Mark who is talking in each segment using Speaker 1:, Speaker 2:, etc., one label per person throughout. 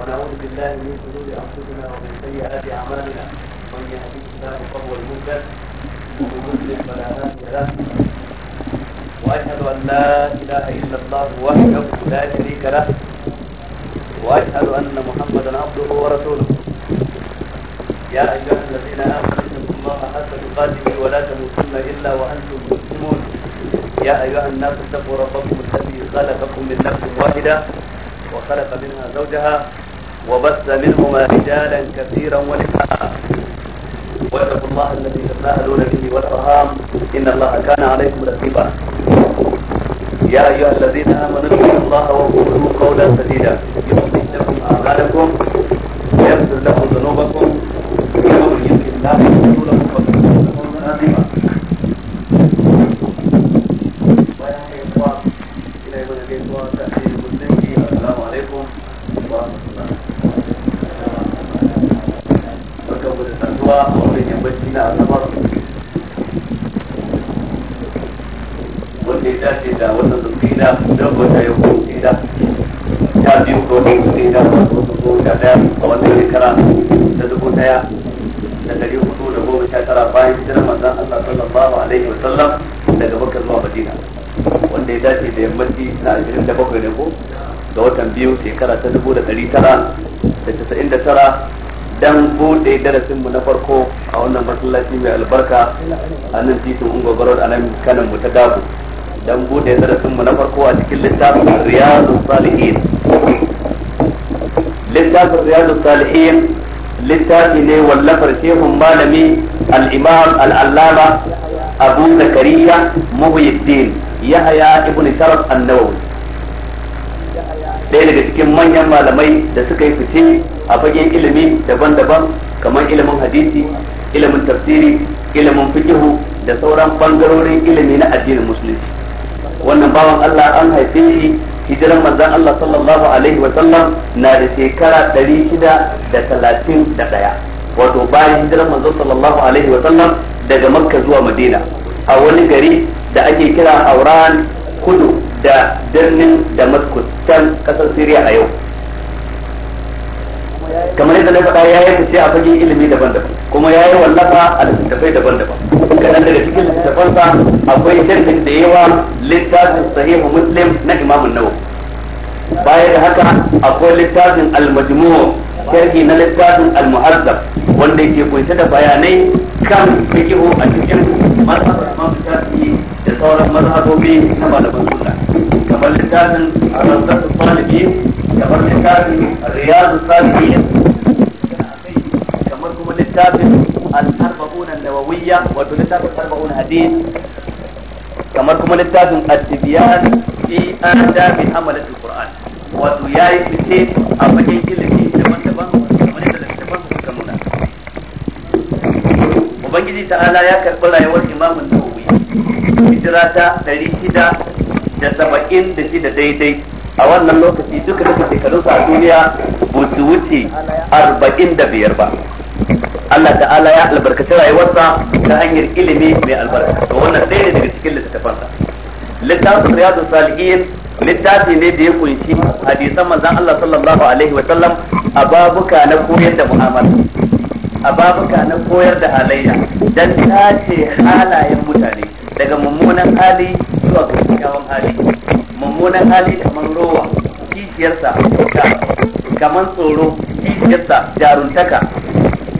Speaker 1: ونعوذ بالله من شرور انفسنا ومن سيئات اعمالنا من يهده الله فهو المهتد ومن يضلل فلا هادي له واشهد ان لا اله الا الله وحده لا شريك له واشهد ان محمدا عبده ورسوله يا ايها الذين امنوا اتقوا الله حق تقاته ولا تموتن الا وانتم مسلمون يا ايها الناس اتقوا ربكم الذي خلقكم من نفس واحده وخلق منها زوجها وبث منهما رجالا كثيرا ونساء واتقوا الله الذي تساءلون به والارهام ان الله كان عليكم رقيبا يا ايها الذين امنوا اتقوا الله وقولوا قولا سديدا يصلح لكم اعمالكم ويغفر لكم ذنوبكم tara da casa'in da tara dan bude darasinmu na farko a wannan masallaci mai albarka a nan titin ungogoron a nan kanan mu ta gabu dan buɗe darasinmu na farko a cikin littafin riyadu salihin littafin riyadu salihin littafi ne wallafar shehun malami al-imam al-allama abu zakariya muhyiddin yahya ibn sharaf an-nawawi ɗaya daga cikin manyan malamai da suka yi fice a fagen ilimi daban-daban kamar ilimin hadisi ilimin tafsiri ilimin fikihu da sauran bangarorin ilimi na addinin musulunci wannan bawan Allah an haife shi hijiran manzan Allah sallallahu alaihi wa sallam na da shekara ɗari shida da da talatin ɗaya wato bayan hijiran manzan sallallahu alaihi wa sallam daga Makka zuwa Madina a wani gari da ake kira Auran kudu da birnin damascus can kasar syria a yau kamar yadda na faɗa ya yi a fagen ilimi daban-daban kuma ya yi wallafa a littattafai daban-daban kaɗan daga cikin littattafansa akwai shirkin da yawa littafin sahihu muslim na imamun nawawi baya da haka akwai littafin al-majmu' sharhi na littafin al-muhazzab wanda yake kunshe da bayanai kan fiqhu a cikin mazhabar Imam Shafi'i da sauran mazhabobi na malaman sunna kamar littafin al-muhazzab al-Malibi kamar littafin Riyadu Salihin kamar kuma littafin al-Arba'un an-Nawawiyya wato littafin Arba'un hadith kamar kuma littafin at-Tibyan fi adab hamalat al-Qur'an wato ya yi fice a fagen ilimi daban-daban kamar yadda littafan suka nuna ubangiji ta'ala ya karɓi rayuwar imamun nawawi hijira ta ɗari shida da saba'in da shida daidai a wannan lokaci duka duka shekarun a duniya ba su wuce arba'in da biyar ba Allah ta'ala ya albarkaci rayuwarsa ta hanyar ilimi mai albarka to wannan ɗaya ne daga cikin littattafansa. littafin riyadu salihin littafi ne da ya kunshi hadisan manzon Allah sallallahu alaihi wa sallam a babuka na koyar da mu'amala a babuka na koyar da halayya dan tace halayen mutane daga mummunan hali zuwa ga kyakkyawan hali mummunan hali kamar rowa kishiyarsa kamar tsoro kishiyarsa jaruntaka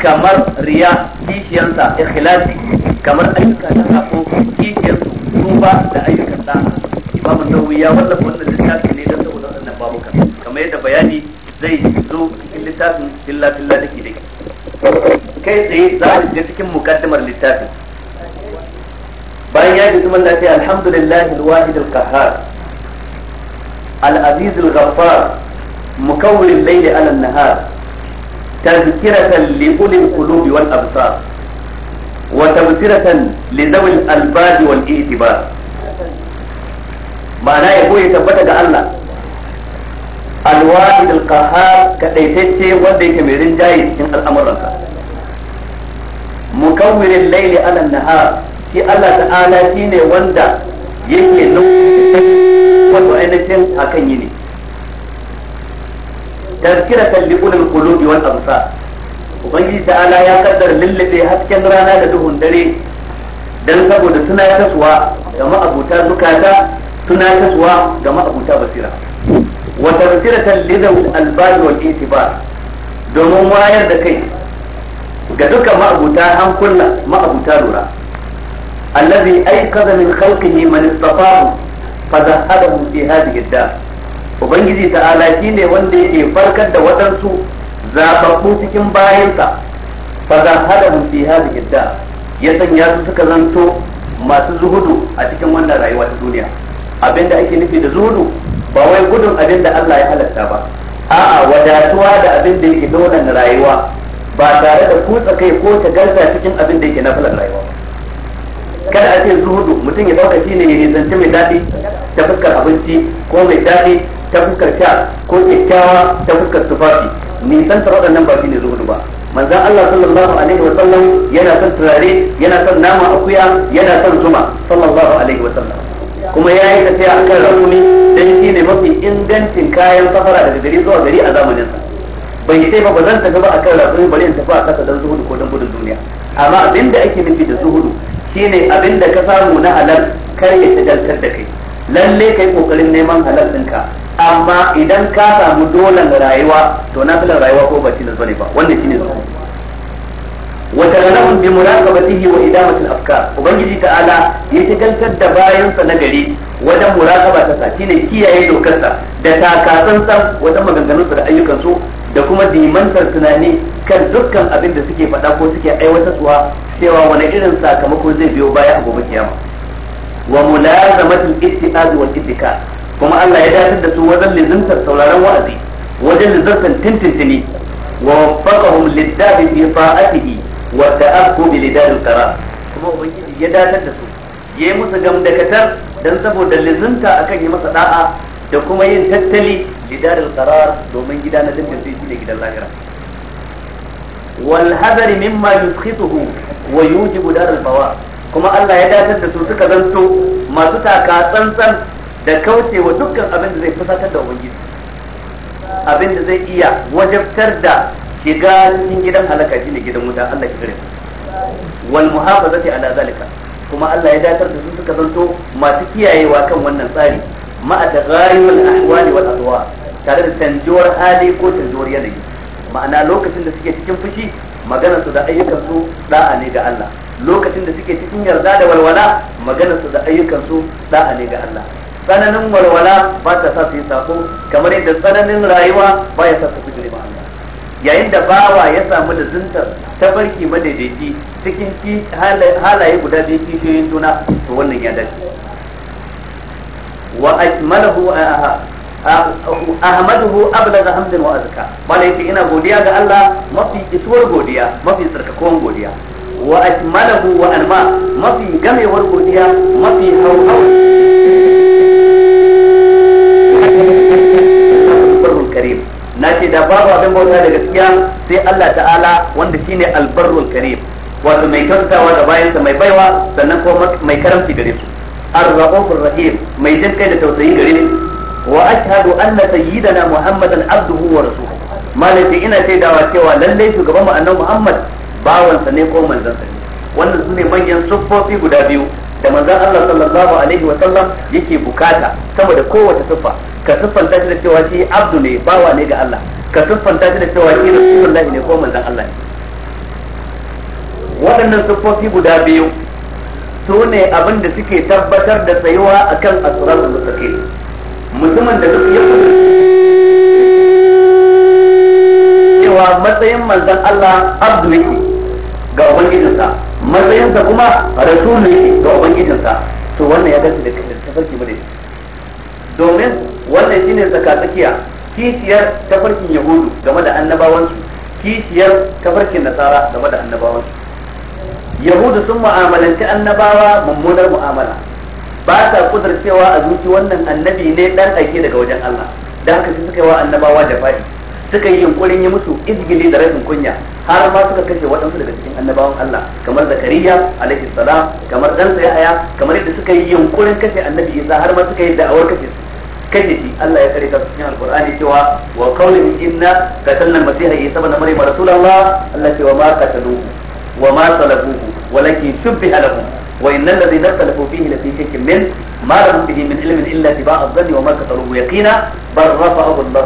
Speaker 1: kamar riya kishiyarsa ikhlasi kamar ayyuka na sako kishiyarsu duba da ayyukan sa'a imam an ya wallafa wannan littafin ne dan saboda annan babu kan kamar yadda bayani zai zo cikin littafin illa illa da kidai kai tsaye za a shiga cikin muqaddimar littafin bayan ya ji kuma da ta alhamdulillahi al-wahid al-qahhar al-aziz laili ghaffar mukawwil al-layl 'ala an-nahar tazkiratan li ulil al-qulub wal absar wa ma'ana ya goye tabbata ga Allah da alqahar kaɗaitacce wanda yake mai rinjaye cikin al'amuransa mukawwiril layli ala naha shi Allah ta'ala ne wanda yake nauyi wato ainihin akan yini tazkiratan li ulil qulubi wal absar ubangiji ta'ala ya kaddara lullube hasken rana da duhun dare dan saboda suna taswa ga ma'abuta zukata tunatarwa ga ma'abuta basira wa tafsiratan lidawul albani wal ba, domin wayar da kai ga duka ma'abuta hankula ma'abuta lura allazi aykada min khalqihi man istafahu fadahadahu fi hadhihi ad ubangiji ta'ala ne wanda yake farkar da wadansu zababbu cikin bayansa fadahadahu fi hadhihi ad ya sanya su suka zanto masu zuhudu a cikin wannan rayuwa ta duniya Abin da ake nufi da zuhudu ba wai gudun abin da Allah ya halatta ba a'a wadatuwa da abin da yake dolan rayuwa ba tare da kutsa kai ko ta garza cikin abin da yake nafilan rayuwa kada a ce zuhudu mutum ya dauka shine ya nisanci mai daɗi ta fuskar abinci ko mai daɗi ta fuskar sha ko kyakkyawa ta fuskar tufafi ta waɗannan ba shine zuhudu ba manzan Allah sallallahu alaihi wa sallam yana son turare yana son nama akuya yana son zuma sallallahu alaihi wa sallam kuma ya yi tafiya akan rakumi dan shi ne mafi ingancin kayan safara daga gari zuwa gari a zamanin sa ban yi sai ba zan tafi ba kan rakumi bari in tafi a kasa dan zuhudu ko don gudun duniya amma abin da ake nufi da zuhudu shine da ka samu na halal kar ya shagaltar da kai lalle yi kokarin neman halal ɗinka amma idan ka samu dolan rayuwa to na rayuwa ko ba tilas ne ba wannan shine zuhudu wa ida وتغنهم بمراقبته ta'ala ya وبنجي تعالى يتجلسد دباين سنجري wajen muraqaba ta sati na kiyaye dokarsa da takatsantsan wajen maganganunsa da ayyukansu da kuma dimantar tunani kan dukkan abin da suke faɗa ko suke aiwatarwa cewa wani irin sakamako zai biyo baya a gobe kiyama wa mulazamatul ittiqad wal ittika kuma Allah ya dace da su wajen lizantar sauraron wa'azi wajen lizantar tintintini wa waffaqahum lid-dabi fi ta'atihi wa ta'abbu bi lidan qara kuma ubangiji ya datar da su yayi musu gamdakatar dan saboda lizinta akan yi masa da'a da kuma yin tattali lidan qara domin gida na dindin sai shine gidan lahira wal hadari mimma yuskhituhu wa yujibu dar al bawa kuma Allah ya datar da su suka zanto masu taka tsantsan da kaucewa dukkan abin da zai fusatar da ubangiji abin da zai iya wajabtar da shiga cikin gidan halaka ne gidan wuta Allah ya kare wal muhafazati ala zalika kuma Allah ya datar da su suka zanto masu kiyayewa kan wannan tsari a tagayyul ahwali wal adwa tare da canjuwar hali ko yanayi ma'ana lokacin da suke cikin fushi maganarsu da ayyukansu da'a ne ga Allah lokacin da suke cikin yarda da walwala maganarsu da ayyukansu da'a ne ga Allah tsananin walwala ba ta sa su yi sako kamar yadda tsananin rayuwa ba ya sa su fi ba yayin da bawa ya samu da zunta barki madaidaici cikin halaye guda da yake kishiyoyin juna to wannan ya dace wa ajmalahu ahmaduhu ablagha hamdan wa azka bala yake ina godiya ga Allah mafi isuwar godiya mafi sarkakon godiya wa ajmalahu wa alma mafi gamewar godiya mafi hauhau karim na ce da babu abin bauta da gaskiya sai Allah ta'ala wanda shine albarrul karim wato mai kyautawa da bayansa mai baiwa sannan ko mai karamci gare su ar-rahmanur rahim mai jin da tausayi gare ni wa ashhadu anna sayyidana muhammadan abduhu wa rasuluhu malaka ina shaidawa cewa lalle shugaban mu annabi muhammad bawansa ne ko manzon ne wannan sune manyan siffofi guda biyu da manzon Allah sallallahu alaihi wa sallam yake bukata saboda kowace siffa ka siffanta shi da cewa shi abdu ne bawa ne ga Allah ka siffanta shi da cewa shi rasulullahi ne ko manzon Allah ne waɗannan siffofi guda biyu su ne abin da suke tabbatar da tsayuwa kan asirar mustaqim mutumin da duk ya cewa matsayin manzon Allah abdu ne ga ubangijinsa matsayinsa kuma rasul ne ga ubangijinsa to wannan ya dace da tafarki mu ne domin wannan shine tsakatsakiya kishiyar tafarkin yahudu game da annabawansu kishiyar tafarkin nasara game da annabawansu yahudu sun mu'amalanci annabawa mummunar mu'amala ba sa kudurcewa a zuci wannan annabi ne dan aike daga wajen Allah da haka sai suka yi wa annabawa da fadi suka yi yunkurin yi musu izgili da rashin kunya har ma suka kashe waɗansu daga cikin annabawan Allah kamar Zakariya alaihi salam kamar dan Aya kamar yadda suka yi yunkurin kashe annabi Isa har ma suka yi da'awar kashe su kashe shi Allah ya kare ta cikin alqur'ani cewa wa qawlin inna qatalna masiha Isa ibn Maryam rasulullah Allah cewa ma qataluhu wa ma salabuhu walakin shubbiha lahum wa innal ladhina ikhtalafu fihi lafi shakkin min ma lahum bihi min ilmin illa tibaa adh-dhanni wa ma qataluhu yaqina bal rafa'ahu Allah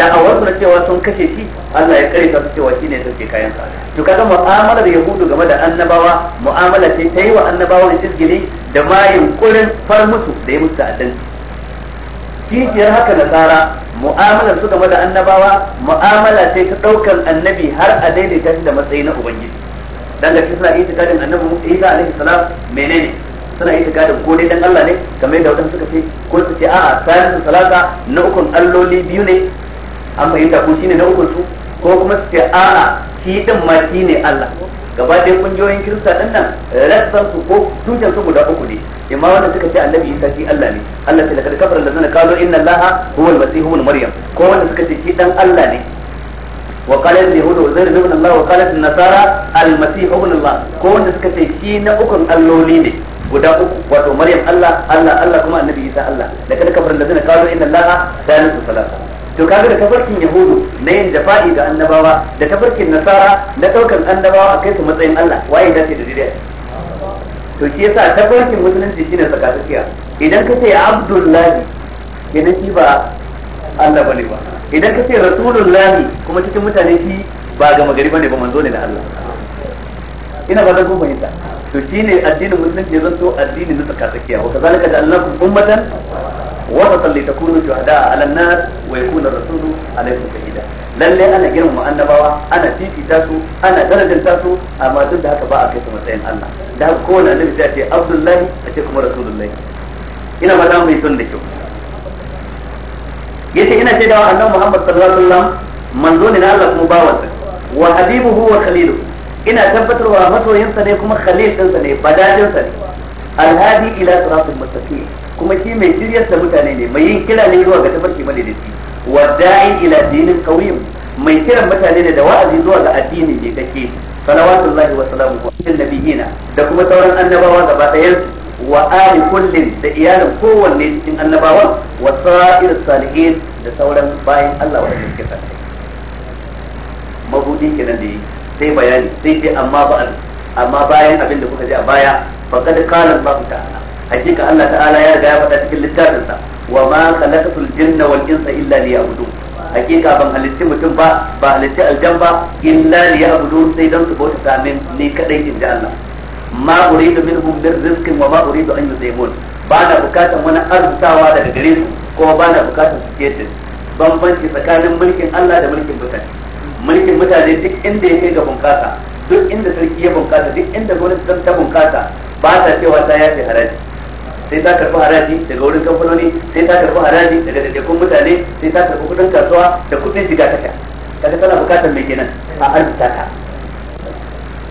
Speaker 1: da da'awar su cewa sun kashe shi Allah ya kare su cewa shine ne suke kayan sa to kaga mu'amalar yahudu game da annabawa mu'amala ce ta yi wa annabawa izgili da mayin kurin far musu da ya musu ta'addanci kishiyar haka nasara mu'amalar su game da annabawa mu'amala ce ta daukar annabi har a daidaita shi da matsayi na ubangiji dan da suna itikadin annabi Isa alaihi salam menene suna yi gadin ko dai dan Allah ne kamar yadda wadanda suka ce ko su ce a'a salisu salata na ukun alloli biyu ne an fahimta ko shine na ukun su ko kuma su ce a'a shi din ma shi ne Allah gaba dai kungiyoyin kirista ɗin nan rassan su ko tushen su guda uku ne imma wanda suka ce annabi isa shi Allah ne Allah ce lakad kafara allazina kalo inna allaha huwa al-masih ibn maryam ko wanda suka ce shi dan Allah ne wa qala al-yahud uzair ibn allah wa qala an-nasara al-masih ibn allah ko wanda suka ce shi na ukun alloli ne guda uku wato maryam Allah Allah Allah kuma annabi isa Allah da lakad kafara allazina kalo inna allaha thalithu thalatha to kaga da tafarkin yahudu na yin jafa'i ga annabawa da tafarkin nasara na daukan annabawa a kai su matsayin Allah waye da ce da dare. to shi yasa tafarkin musulunci shine tsakatsakiya idan ka ce abdullahi kenan shi ba Allah bane ba idan ka ce rasulullahi kuma cikin mutane shi ba ga magari ne ba manzo ne da Allah ina ba da goma to to shine addinin musulunci ya zanto addini na tsakatsakiya wa kazalika ja'alnakum ummatan wasatan li takunu shuhada 'ala nas wa yakuna rasulu 'alaykum shahida lalle ana girmama annabawa ana fifita su ana darajanta su amma duk da haka ba a kai su matsayin Allah da haka kowane annabi ya ce Abdullahi a ce kuma Rasulullahi ina ba za yi son da kyau yace ina ce da annabi Muhammad sallallahu alaihi wasallam manzo ne na Allah kuma bawansa wa habibuhu wa khaliluhu ina tabbatarwa masoyinsa ne kuma khalifinsa ne badajinsa ne alhadi ila siratul mustaqim kuma shi mai shiryar da mutane ne mai yin kira ne zuwa ga da shi wa da'i ila dinin qawim mai kiran mutane ne da wa'azi zuwa ga addini ne take salawatullahi wa salamuhu alal nabiyina da kuma sauran annabawa gaba ɗayan wa ali kullin da iyalin kowanne cikin annabawa wa sa'ir salihin da sauran bayan Allah wa Mabuɗi mabudin kenan da yake sai bayani sai dai amma ba amma bayan abin da kuka ji a baya faqad qala Allah ta'ala hakika Allah ta'ala ya riga ya faɗa cikin littafin sa wa ma khalaqatul jinna wal insa illa liya'budun hakika ban halitti mutum ba ba halitti aljan ba illa liya'budun sai dan su bauta ta min ni kadai inda Allah ma uridu minhum min rizqin wa ma uridu an yusaymun ba na bukatan wani arzutawa daga gare su ko ba na bukatan su bambanci tsakanin mulkin Allah da mulkin mutane mulkin mutane duk inda ya kai ga bunƙasa duk inda sarki ya bunƙasa duk inda sun ta bunƙasa ba ta cewa ta yafe haraji sai ta karɓi haraji daga wurin kamfanoni sai ta karɓi haraji daga daidaikun mutane sai ta karɓi kuɗin kasuwa da kuɗin shiga ta kaga tana buƙatar mai kenan a arzuta ta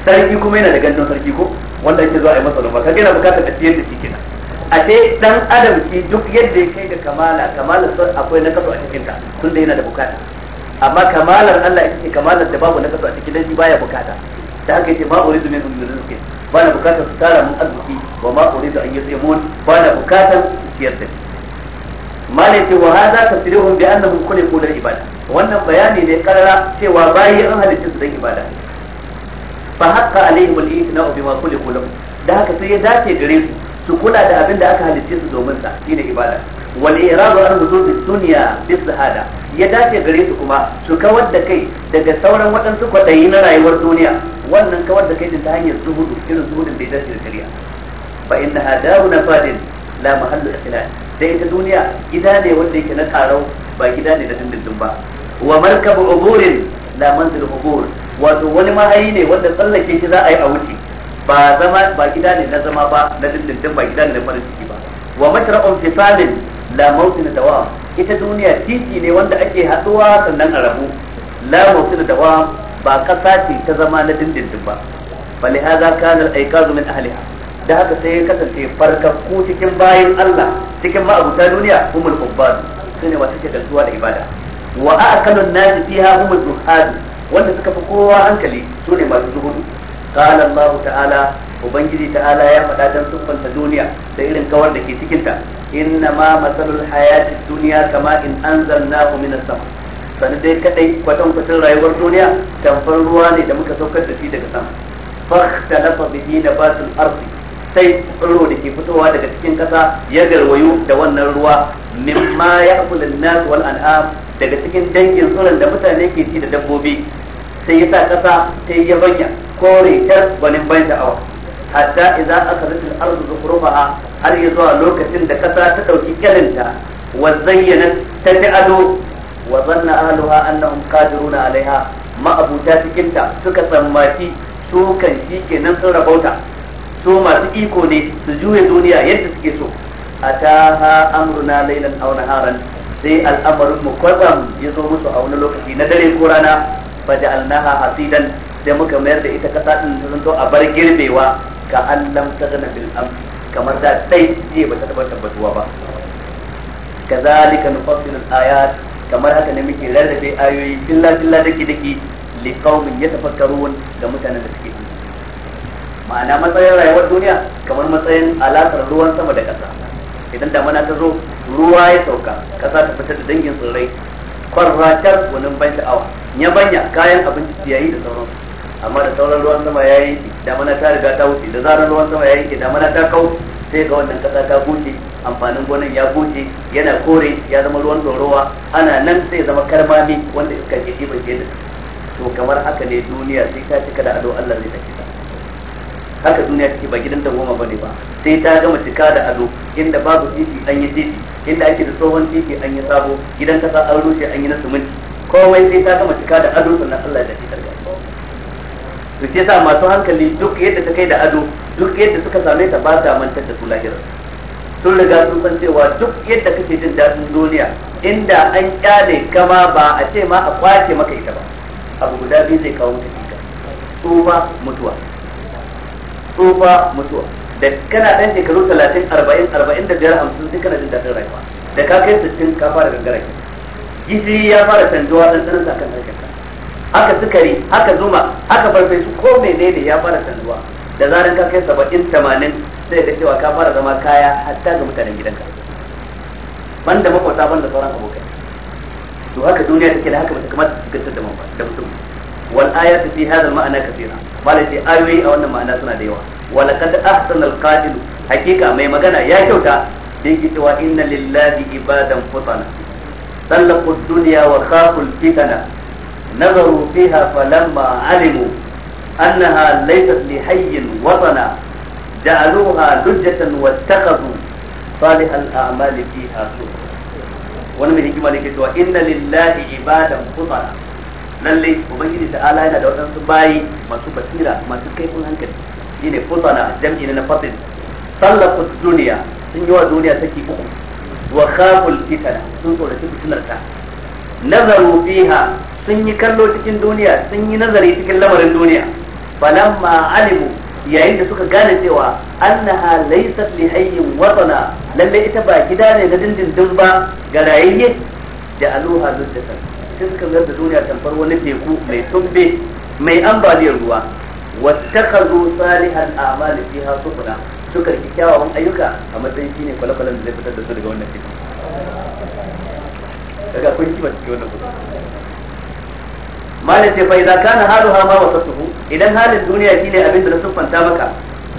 Speaker 1: sarki kuma yana da gandun sarki ko wanda ake zuwa a yi masa noma kaga yana buƙatar a ciyar da shi kenan a ce dan adam shi duk yadda ya kai ga kamala kamala akwai na kaso a cikinta tun da yana da buƙata amma kamalar Allah ita ce kamalar da babu nakasu a cikin dangi baya bukata da haka yace ma uridu da min rizqi ba na bukatar su tara mun arziki wa ma da an yusimun ba na bukatar su ciyar da ma ne ce wa ta tasrihum bi annahum kulli kula ibada wannan bayani ne karara cewa bayi an halitta su dan ibada fa haqqa alaihim al bi ma kulli lahu da haka sai ya dace gare su su kula da abin da aka halitta su domin sa shine ibada wal iradu an hudud duniya bis hada. ya dace gare su kuma su kawar da kai daga sauran waɗansu kwaɗayi na rayuwar duniya wannan kawar da kai din ta hanyar zuhudu irin da ya dace da shari'a fa inna na fadin la mahallu ikhlas da ita duniya gida ne wanda yake na karau ba gida ne da dindindin ba wa markabu uburin la manzil hubur wato wani ma'ayi ne wanda tsallake shi za a yi a wuce ba zama ba gida ne na zama ba na dindindin ba gida ne na farin ciki ba wa mashra'un Salim. la mawtin dawa ita duniya titi ne wanda ake haduwa sannan a rabu la mawtin dawa ba kasa ce ta zama na dindindin ba bali hadha kana al min ahliha da haka sai ya kasance farkakku cikin bayan Allah cikin ma'abuta duniya humul hubbad sune masu ke gantuwa da ibada wa a'kalun nasi fiha humul zuhad wanda suka fi kowa hankali sune masu zuhudu قال الله ta'ala ubangiji ta'ala ya faɗa سفن siffanta duniya da irin kawar da ke cikin ta inna ma masalul hayati dunya kama in anzalnahu minas sama Sani dai kadai kwatan kwatan rayuwar duniya tamfar ruwa ne da muka saukar da shi daga sama fahtalafa bihi nabatul ardi sai tsiro da ke fitowa daga cikin kasa ya garwayo da wannan ruwa mimma ya akula nas wal an'am daga cikin dangin tsiron da mutane ke ci da dabbobi sai ya sa ƙasa sai ya banya kore tar gwanin ban sha'awa hatta idza akhadhat al-ardu zukhrufaha har ya zuwa lokacin da ƙasa ta dauki kyalinta wa zayyanat ta fi ado wa zanna ahluha annahum qadiruna alaiha ma'abuta cikinta suka tsammaki su kan shi kenan sun rabauta su masu iko ne su juya duniya yadda suke so ataha amruna laylan aw naharan sai al'amarin mu ya zo musu a wani lokaci na dare ko rana faja'alnaha hasidan sai muka mayar da ita kasa din ta zanto a bar girbewa ka allam tagana bil am kamar da dai je ba ta taba tabbatuwa ba kazalika nufassilu ayat kamar haka ne muke rarrabe ayoyi billa billa dake dake li qaumin yatafakkarun da mutanen da suke ma'ana matsayin rayuwar duniya kamar matsayin alakar ruwan sama da kasa idan damana ta zo ruwa ya sauka kasa ta fitar da dangin tsirrai kwarratar gwanin ban sha'awa banya kayan abinci yayi da sauran amma da sauran ruwan sama ya da mana ta riga ta wuce da zarar ruwan sama ya da mana ta kau sai ga wannan kasa ta goce amfanin gonan ya goce yana kore ya zama ruwan dorowa ana nan sai zama karmami wanda iska ke jiba ke da to kamar haka ne duniya sai ta cika da ado Allah zai take haka duniya take ba gidan goma bane ba sai ta gama cika da ado inda babu titi an yi titi inda ake da tsohon titi an yi sabo gidan kasa an rushe an yi na suminti komai sai ta gama cika da ado sannan Allah ya fitar da su ce sa masu hankali duk yadda ta kai da ado duk yadda suka same ta ba ta mantar da su lahira sun riga sun san cewa duk yadda kake jin daɗin duniya inda an kyale kama ba a ce ma a kwace maka ita ba abu guda biyu zai kawo maka cika tsufa mutuwa tsufa mutuwa da kana ɗan shekaru talatin arba'in arba'in da biyar hamsin sai kana jin daɗin rayuwa da ka kai sittin ka fara gangara gishiri ya fara canjuwa dan sanin sa kan harkar haka sukari haka zuma haka farfesu ko menene ya fara canjuwa da zaran ka kai saba'in tamanin sai ka cewa ka fara zama kaya hatta ga mutanen gidanka banda makwata banda sauran abokai to haka duniya take da haka ba ta kamata ta gantar da mamba da mutum wal ayatu fi hadha al ma'ana kathira malai sai ayoyi a wannan ma'ana suna da yawa wa laqad ahsana al qail hakika mai magana ya kyauta da yake cewa inna lillahi ibadan futana طلقوا الدنيا وخافوا الفتنة نظروا فيها فلما علموا أنها ليست لحي وطنا جعلوها لجة واتخذوا صالح الأعمال فيها سبحا wani mai hikima ne ke cewa inna lillahi ibadan fudala lalle ubangiji ta ala yana da wadansu bayi masu basira masu kaifin hankali shine fudala jam'i na fadil sallafu duniya sun yi wa duniya saki uku wa khaful sun tsoraci fitinar ta nazaru fiha sun yi kallo cikin duniya sun yi nazari cikin lamarin duniya falamma alimu yayin da suka gane cewa annaha laysat li hayyin watana ita ba gida ne na dindindin ba ga rayayye da aluha luddatan sai suka mayar da duniya tamfar wani teku mai sumbe mai ambaliyar ruwa wattakazu salihan a'mali fiha sufuna su karɓi kyawawan ayyuka a matsayin shine kwale-kwalen da zai fitar da su daga wannan cikin daga kun kiba cikin wannan kudu malin ce fai zaka na halu ha ma wasa suhu idan halin duniya shine abin da na siffanta maka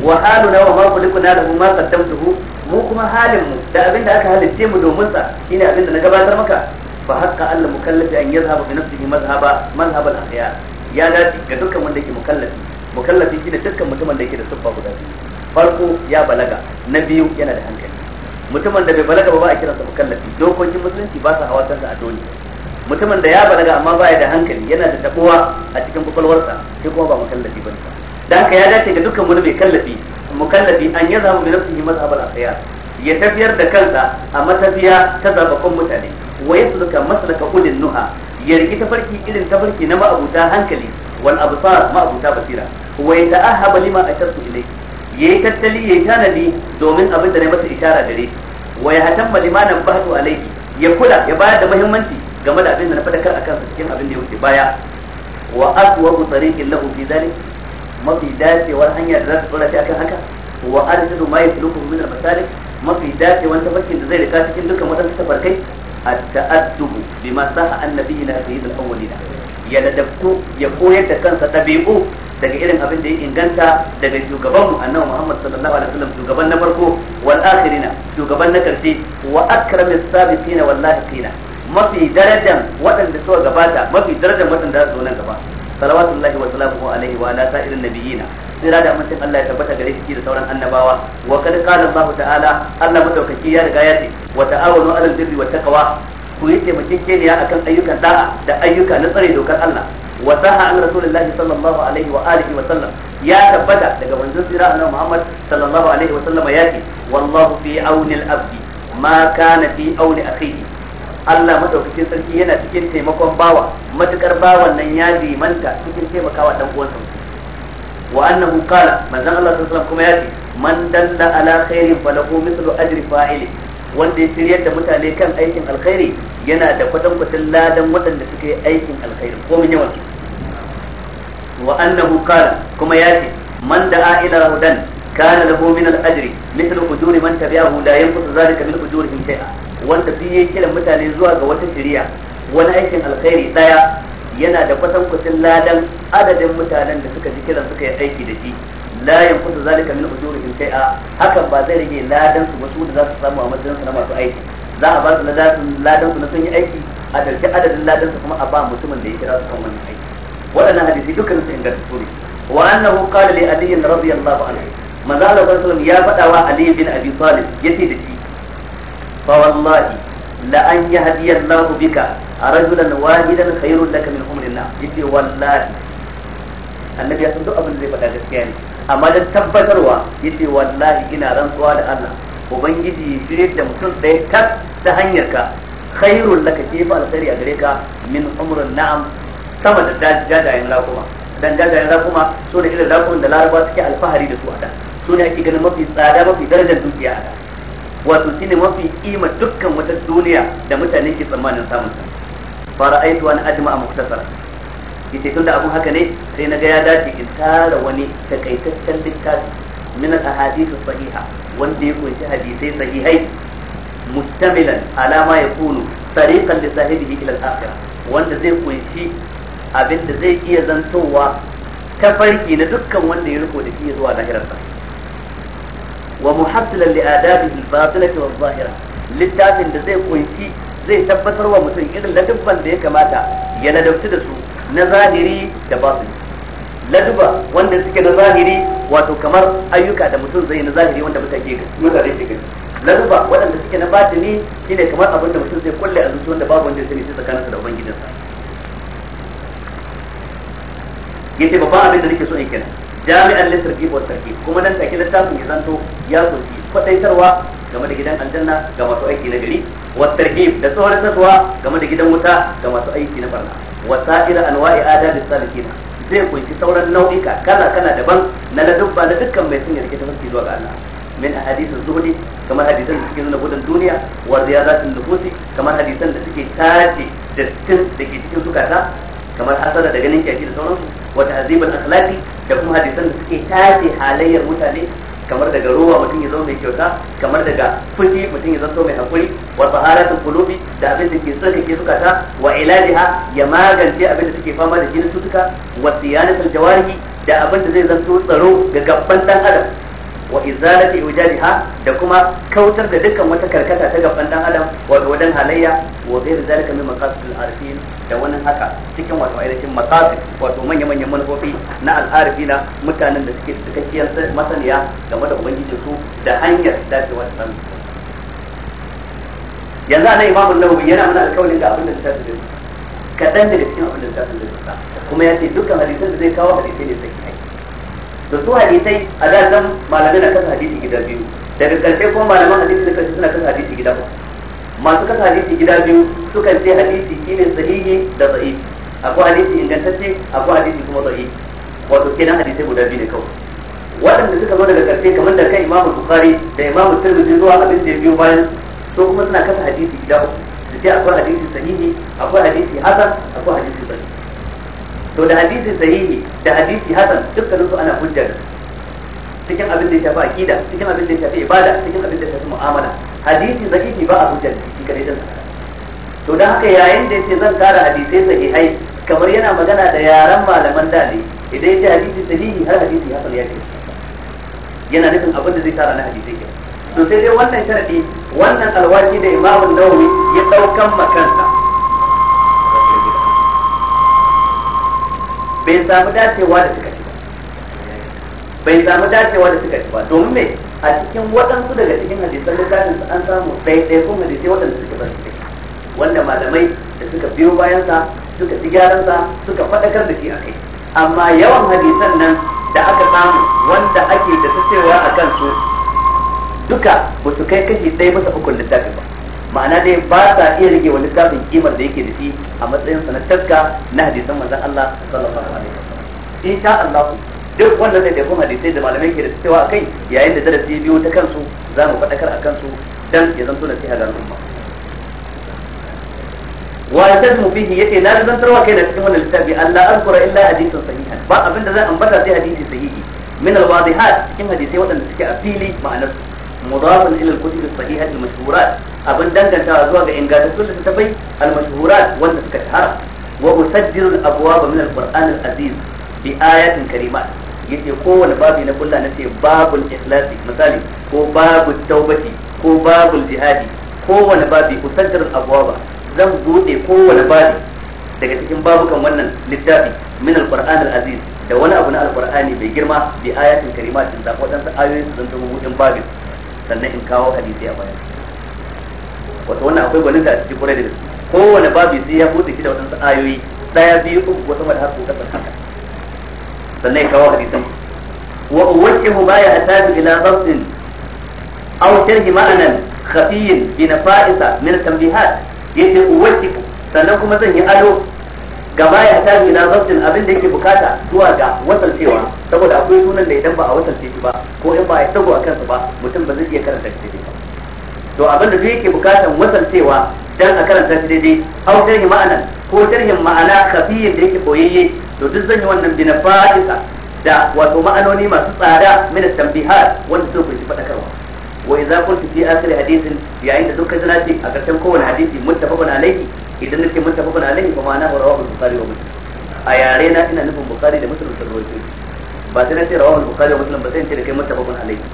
Speaker 1: wa halu na wa ma kuliku na lahu ma kaddamtuhu mu kuma halin mu da abin da aka halitte mu domin sa shine abin da na gabatar maka fa haqqa mu mukallafi an yadhhabu bi nafsihi madhhaba madhhab al akhyar ya dace ga dukkan wanda yake mukallafi mukallafi shine dukkan mutumin da yake da siffa guda biyu farko ya balaga na biyu yana da hankali mutumin da bai balaga ba ba a kiransa mukallafi dokokin musulunci ba sa hawa kansa a doni mutumin da ya balaga amma baya da hankali yana da tabuwa a cikin kwakwalwarsa sai kuma ba mukallafi ba. dan ka ya dace ga dukkan wani mai kallafi mukallafi an ya zama bi nafsihi mazhabal akhyar ya tafiyar da kansa a matafiya ta zabakon mutane wa yasluka maslaka ulil nuha ya riki tafarki irin tafarki na ma'abuta hankali wal absar ma'abuta basira wa yata'ahhab lima ashartu ilayhi yayi tattali ya yi tanadi domin abin da ne masa isharar dare wa ya hatamma limanan bahtu alayhi ya kula ya bayar da muhimmanci game da abin da na fadakar akan kansa cikin abin da ya wuce baya wa aswa tariqin lahu fi mafi dacewar hanya da za ta tsora shi akan haka wa arzidu ma yasluku min al-masalik mafi dacewar tafarkin da zai rika cikin dukkan wadansu tafarkai التأدب بما صح عن نبينا ya الأولين ya koyar da kansa ستبيبو daga irin abin da ya inganta daga shugaban mu annabi Muhammad sallallahu alaihi wasallam shugaban na farko wal akhirina shugaban na karshe wa akramis sabiqina wal lahiqina mafi darajan waɗanda suka gabata mafi darajan waɗanda za su nan gaba salawatullahi wa salamuhu alaihi wa ala sa'irin nabiyina Sai da amincin Allah ya tabbata gare shi da sauran annabawa wa kad qala Allah ta'ala Allah madaukaki ya riga ya ce wa ta'awanu 'alal birri wat taqwa ku yi taimakekeniya akan ayyukan da'a da ayyuka na tsare dokar Allah wa saha an alihi wa ya tabbata daga manzon sira annabi Muhammad sallallahu alaihi wa sallam ya ce wallahu fi auni al-abdi ma kana fi auni Allah madaukakin sarki yana cikin taimakon bawa matukar bawan nan ya limanta cikin taimakawa dan uwansa wa annahu qala manzon Allah sallallahu alaihi wa sallam kuma ya ce man dalla ala khairin falahu mithlu ajri fa'ili wanda ya shiryar da mutane kan aikin alkhairi yana da kwatankwacin ladan waɗanda suka yi aikin alkhairi ko mun yawan wa annahu qala kuma ya ce man da'a ila hudan kana lahu min al-ajri mithlu ujuri man tabi'ahu la yanqutu zalika min ujurihim shay'a wanda bi yayi kiran mutane zuwa ga wata shiriya wani aikin alkhairi daya yana da kwatankwacin ladan adadin mutanen da suka ji kiran suka yi aiki da shi la yanqutu zalika min ujuri a hakan ba zai rage ladan su ba su da za su samu a matsayin su na masu aiki za a ba su ladan su na sun yi aiki a ɗauki adadin ladan su kuma a ba mutumin da ya kira su kan wannan aiki waɗannan hadisi dukkan su ingantattu ne wa annahu qala li ali radiyallahu anhu manzo Allah sallallahu ya faɗa wa ali bin abi talib yace da shi fa wallahi la an yahdiyallahu bika rajulan wahidan khairun laka min umrin na yace wallahi annabi ya san duk abin da zai faɗa gaskiya ne amma da tabbatarwa yace wallahi ina rantsuwa da Allah ubangiji ya shirye da mutum ɗaya tas ta hanyar ka khairul laka kifa alkhairi a gare ka min umrun na'am sama da jajayen rakuma dan jajayen rakuma so da irin rakuman da laraba suke alfahari da su a da su ne ake ganin mafi tsada mafi darajar dukiya a da wato shine mafi kima dukkan wata duniya da mutane ke tsammanin samun sa fara aitu an ajma'a muktasara yace da abun haka ne sai na ga ya dace in tara wani takaitaccen littafi min al-ahadith sahiha wanda ya kunshi hadisai sahihai mustamilan ala ma yakunu tariqan li sahibihi ila al-akhirah wanda zai kunshi abinda zai iya zantowa ta farki na dukkan wanda ya riko da shi zuwa sa wa muhassilan li adabihi al-batinati wal-zahira littafin da zai kunshi zai tabbatar wa mutum irin ladabban da ya kamata ya ladabci da su na zahiri da basu laduba wanda suke na zahiri wato kamar ayyuka da mutum zai na zahiri wanda mutane mutane ke gani laduba waɗanda suke na batini shine kamar abin da mutum zai kulle a zuciya wanda babu wanda ya sani sai tsakaninsa da ubangijinsa yace babban abin da nake so in kira jami'an litarki wa tarki kuma dan take littafin ya zanto ya kunshi kwadaitarwa game da gidan aljanna ga masu aiki na gari wa tarki da tsohon taswa game da gidan wuta ga masu aiki na barna wa sa'ira anwa'i adabis zai kunshi sauran nau'ika kala kala daban na ladubba na dukkan mai sun yarke tafarki zuwa ga Allah min hadisi zuhudi kamar hadisan da suke nuna gudun duniya wa riyadatin nufusi kamar hadisan da suke tace dattin da ke cikin zukata kamar hasara da ganin kyaki da sauransu wa tahzibul akhlaqi da kuma hadisan da suke tace halayyar mutane kamar daga ruwa mutum ya zama mai kyauta kamar daga fushi mutum ya zama mai hakuri wa taharatul qulubi da abin da ke ke zukata wa ilaliha ya magance abin da suke fama da jinin cutuka wa siyanatul jawahi da abin da zai zanto tsaro ga gabban dan adam wa izalati wujadiha da kuma kautar da dukkan wata karkata ta gaban dan adam wato wajen halayya wa ghairu zalika min maqasidil arifin da wannan haka cikin wato ainihin maqasid wato manya manyan manufofi na al-arifina mutanen da suke cikakkiyar masaniya game da ubangiji su da hanyar dacewa da sanu yanzu ana imamun nawawi yana mana alƙawarin ga abin da ta tafi kaɗan daga cikin abin da ta tafi kuma ya ce dukkan hadisan da zai kawo hadisai ne sai da su hadisai a da nan malamai na kasa hadisi gida biyu daga karshe kuma malaman hadisi na karshe suna kasa hadisi gida uku masu kasa hadisi gida biyu sukan ce hadisi shine sahihi da da'ifi akwai hadisi ingantacce akwai hadisi kuma da'ifi wato kenan hadisai guda biyu ne kawai waɗanda suka zo daga karshe kamar da kan imamu bukari da imamu tirmidhi zuwa abin da biyu bayan su kuma suna kasa hadisi gida uku da ce akwai hadisi sahihi akwai hadisi hasan akwai hadisi da'ifi to da hadisi sahihi da hadisi hasan dukkanin cikin abin da ya shafi aqida cikin abin da ya shafi ibada cikin abin da ya shafi mu'amala hadisi yi ba a hujjar shi kare din to dan haka yayin da yace zan tara hadisai sahihai kamar yana magana da yaran malaman da ne idan yace hadisi sahihi har hadisi ya fara yake yana nufin abin da zai tara na hadisai ke to sai dai wannan sharadi wannan alwaji da imamun nawawi ya daukan makansa bai samu dacewa da suka bai zama dacewa da suka ci ba domin me a cikin waɗansu daga cikin hadisan littafin su an samu kuma da hadisai waɗanda suka bar su wanda malamai da suka biyo bayan sa suka ci gyaran sa suka faɗakar da shi a kai amma yawan hadisan nan da aka samu wanda ake da su cewa a su duka ba su kai kashi ɗaya bisa ukun littafi ba ma'ana dai ba sa iya rage wa littafin kimar da yake da shi a matsayin sa na taska na hadisan manzon Allah sallallahu alaihi wasallam insha Allah duk wanda zai tafi hadisai da malamai ke da cewa kai yayin da darasi biyu ta kansu za mu faɗakar a kansu dan ya zanto nasiha ga al'umma wa yatazmu fihi yace na zantarwa kai na cikin wannan littafi Allah azkura illa hadithan sahihan ba abin da zan ambata sai hadisi sahihi min al-wadihat cikin hadisai waɗanda suke a fili ma'anar مضافا الى الكتب الصحيحه المشهورات ابن دنگتا zuwa ga ingantattun littattafai al-mashhurat wanda suka shahara wa musaddil al ba min al-Qur'an al-Aziz bi ayatin karimat yace kowane babu na kulla nace babul ikhlasi misali ko babu taubati ko babul jihadi kowane babu usaddir abwaba zan bude kowane babu daga cikin babukan wannan littafi min alquran alaziz da wani abu na alqur'ani mai girma bi ayatin karimat din da wadansu ayoyin su zama mabudin babin sannan in kawo hadisi a bayan wato wannan akwai gwanin da cikin kurai da kowane babu sai ya bude shi da wadansu ayoyi daya biyu uku ko sama da har ko kasar haka sannan ya kawo hadisan wa uwajjihu ma ya'tadu ila dhabtin aw sharhi ma'anan khafiyyin bi nafa'isa min tanbihat yace uwajjihu sannan kuma zan yi ado gaba ya ta ila zabtin abin da yake bukata zuwa ga wasalcewa saboda akwai sunan da idan ba a wasalce shi ba ko in ba a tago a kansa ba mutum ba zai iya karanta shi ba to abin da duk yake bukatan wasalcewa dan a karanta shi daidai aw sharhi ma'anan ko sharhin ma'ana khafiyyin da yake koyayye to duk zan yi wannan bi nafa'isa da wato ma'anoni masu tsada min at-tanbihat wanda su ku fadakarwa wa idza qultu fi akhir hadithin yayin da dukkan zana ce a karshen kowane hadisi muttafaqun alayhi idan nake muttafaqun alayhi fa ma'ana rawahu al-bukhari wa muslim a yare na ina nufin bukhari da muslim sun rawaito ba sai na ce rawahu al-bukhari wa muslim ba sai in ce da kai muttafaqun alayhi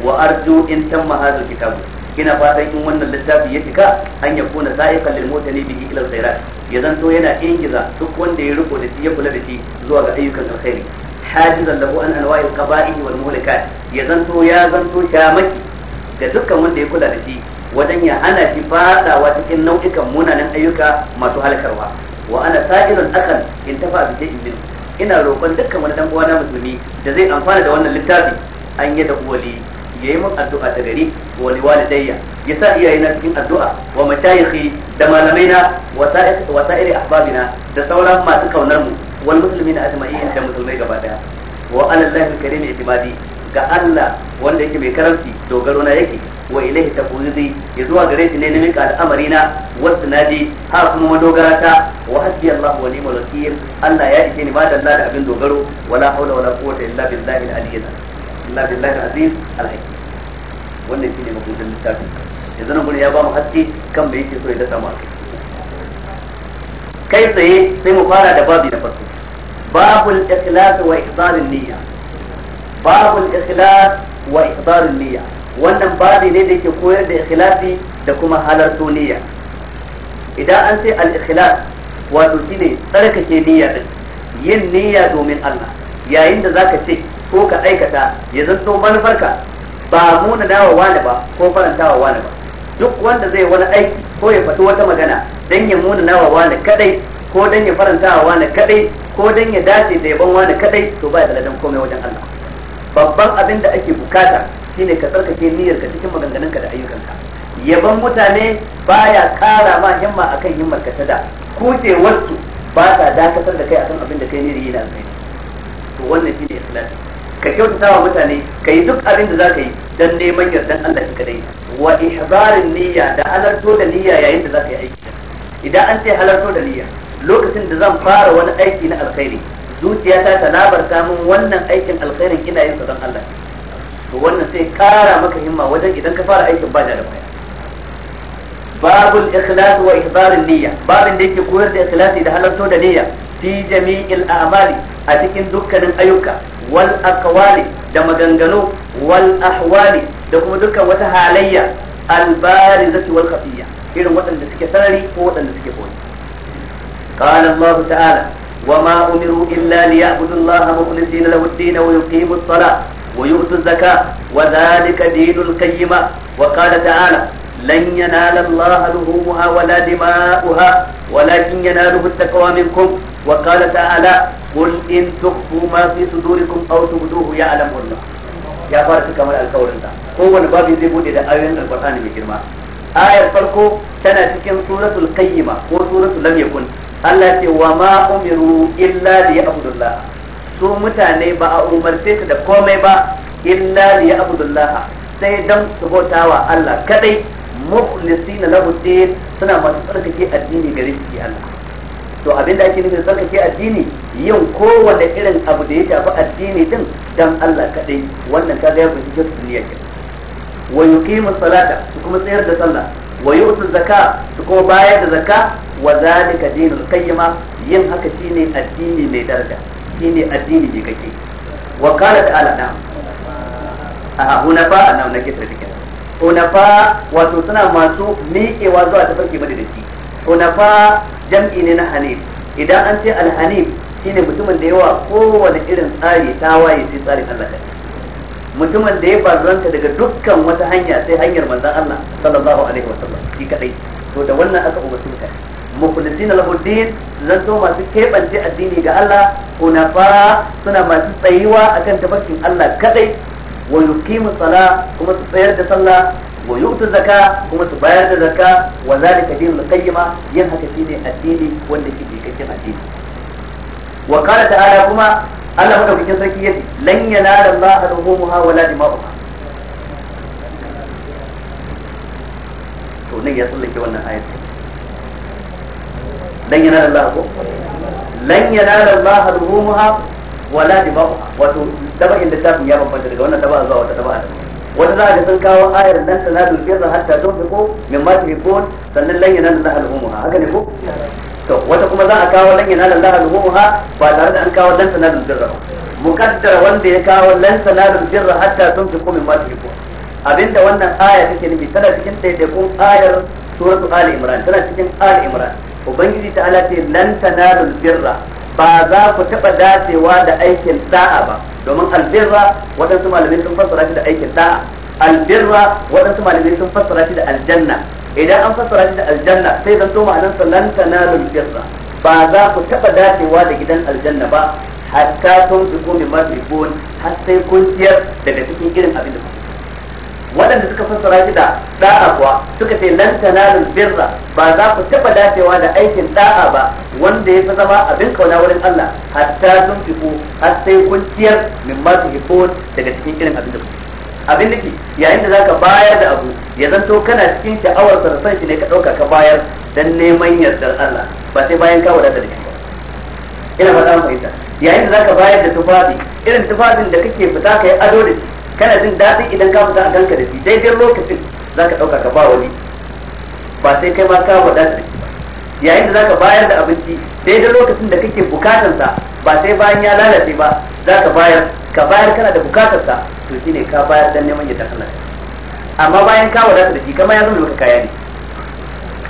Speaker 1: wa arju in tamma hadha kitabu ina fatan in wannan littafi ya cika an ya kuna sa'iqan lil mutane bihi ila khairat ya zanto yana ingiza duk wanda ya riko da shi ya kula da shi zuwa ga ayyukan alkhairi hajizan lahu an anwa'il qaba'i wal muhlikat ya zanto ya zanto shamaki ga dukkan wanda ya kula da shi wajen ya ana shi fadawa cikin nau'ikan munanan ayyuka masu halkarwa wa ana sa'iran akan in tafa bi shay'in ina roƙon dukkan wani dan na musulmi da zai amfana da wannan littafi an yi da uwali yayi min addu'a ta gari wa li walidayya yasa na cikin addu'a wa mashayikhi da malamaina na sa'ir wa sa'iri ahbabina da sauran masu kaunar mu wal na ajma'in da musulmai gaba daya wa ala allahi karim ga Allah wanda yake mai karanci dogaro na yake wa ilaihi taquludi ya zuwa gare shi ne na mika al'amari na wasu nadi har kuma madogara ta wa hasbi Allah wa ni'mal wakil Allah ya ishe ni ma da abin dogaro wala haula wala quwwata illa billahi al-aliyyil illa billahi al-aziz al-hakim wannan shine mabudan littafin yanzu nan gurin ya ba mu haske kan me yake so ya dasa mu kai tsaye sai mu fara da babi na farko babul ikhlas wa ihdarun niyya babul ikhlas wa ihdarun niyya wannan babi ne da ke koyar da ikhlasi da kuma halarto niyya idan an ce al-ikhlas wato shine tsarkake niyya din yin niyya domin Allah yayin da zaka ce ko ka aikata ya zanto manufarka ba muna nawa wani ba ko faranta wa wani ba duk wanda zai wani aiki ko ya faɗi wata magana dan ya muna nawa wani kadai ko dan ya faranta wa wani kadai ko dan ya dace da yaban wani kadai to ba ya da ladan komai wajen Allah babban abin da ake bukata shine ka tsarkake ka cikin maganganunka da ayyukanka yaban mutane baya kara ma himma akan himmar ka ta da kutewartu wasu ba ta dakatar da kai akan abin da kai ne yi na alkhairi to wannan shine ikhlasi ka kyautata wa mutane ka yi duk abin da za ka yi don neman yardan Allah shi kadai wa ihbarin niyya da halarto da niyya yayin da za ka yi aiki idan an ce halarto da niyya lokacin da zan fara wani aiki na alkhairi zuciyata ta labarta min wannan aikin alkhairin ina yin sa don Allah to wannan sai kara maka himma wajen idan ka fara aikin ba da baya babul ikhlas wa ihbarin niyya babin da yake koyar da ikhlasi da halarto da niyya fi jami'il a'mali a cikin dukkanin ayyuka wal aqwali da maganganu wal ahwali da kuma dukkan wata halayya al barizati wal khafiyya irin waɗanda suke sarari ko waɗanda suke koyi qala Allah ta'ala وما أمروا إلا ليعبدوا الله مخلصين له الدين ويقيموا الصلاة ويؤتوا الزكاة وذلك دين القيمة وقال تعالى لن ينال الله لحومها ولا دماؤها ولكن يناله التقوى منكم وقال تعالى قل إن تخفوا ما في صدوركم أو تبدوه يعلم الله ya fara cika mana alkawarin sa kowane babu zai buɗe da ayoyin alqur'ani mai girma ayar farko tana cikin suratul qayyima ko suratul lam yakun Allah ce wa ma umiru illa li ya'budullah su mutane ba a umarce su da komai ba illa ya ya'budullah sai dan su bautawa Allah kaɗai. mukhlisina lahu din suna masu tsarkake addini gare shi Allah to abin da ake nufi tsarkake addini yin kowane irin abu da ya shafi addini din dan Allah kadai wannan kaga ya fice cikin duniya ke wa yuqimu salata su kuma tsayar da sallah wa yu'tu zakka su kuma bayar da zakka wa zalika dinul qayyima yin haka shine addini mai daraja shine addini mai kake wa qala ta'ala na a hunafa na nake tsarkake hunafa wato suna masu miƙewa zuwa tafarki madadaci hunafa jam'i ne na hanif idan an ce alhanif shine mutumin da yawa kowane irin tsari ta waye sai tsarin Allah mutumin da ya bazanta daga dukkan wata hanya sai hanyar manzon Allah sallallahu alaihi wasallam shi kadai to da wannan aka umarci ka mukhlisin al din zan masu kebance addini ga Allah hunafa suna masu tsayuwa akan tafarkin Allah kadai wa yuqimu sala kuma su tsayar da sallah wa kuma su bayar da zakka wa zalika dinul qayyima yin haka shine addini wanda ke cikakken addini wa qala kuma Allah madaukakin sarki yace lan yanala Allah ruhumuha wala dima'uha to nan ya wannan wala diba'u wato daba'in littafin ya bambanta daga wannan daba'a zuwa wata daba'a wata za a ga sun kawo ayar dan tanadul birra hatta tunfiqu mimma tuhibbun sannan lan yanala al-umma haka ne ko to wata kuma za a kawo lan yanala Allah al ba tare da an kawo dan tanadul birra ba muqaddara wanda ya kawo lan tanadul birra hatta tunfiqu mimma tuhibbun abinda wannan aya take nufi tana cikin daidaikun ayar suratu ali imran tana cikin ali imran ubangiji ta ala ce lan tanalul birra ba za ku taɓa dacewa da aikin da'a ba domin albirra waɗansu malamai sun fassara shi da aikin da'a albirra waɗansu malamai sun fassara shi da aljanna idan an fassara shi da aljanna sai zan to ma'anar sa lan tanalul birra ba za ku taɓa dacewa da gidan aljanna ba hatta tun su masu ma har sai kun ciyar daga cikin irin abin da kuke waɗanda suka fassara shi da da'a kuwa suka ce lan tanalu birra ba za ku taba dacewa da aikin da'a ba wanda ya fi zama abin kauna wurin Allah hatta sun fiku har sai kun ciyar min ma su hifo daga cikin irin abin da ku abin da ke yayin da zaka bayar da abu ya zanto kana cikin sha'awar sa san shi ne ka dauka ka bayar dan neman yardar Allah ba sai bayan ka wada da shi ba ina fata mu yayin da zaka bayar da tufafi irin tufafin da kake fita kai ado da shi kana jin daɗi idan ka fita a ganka da shi daidai lokacin za ka ɗauka ka ba wani ba sai kai ma ka faɗa da shi yayin da za ka bayar da abinci daidai lokacin da kake bukatansa ba sai bayan ya lalace ba za ka bayar ka bayar kana da bukatarsa to shine ka bayar dan neman ya tafi amma bayan ka wadata da shi kama ya zama maka kaya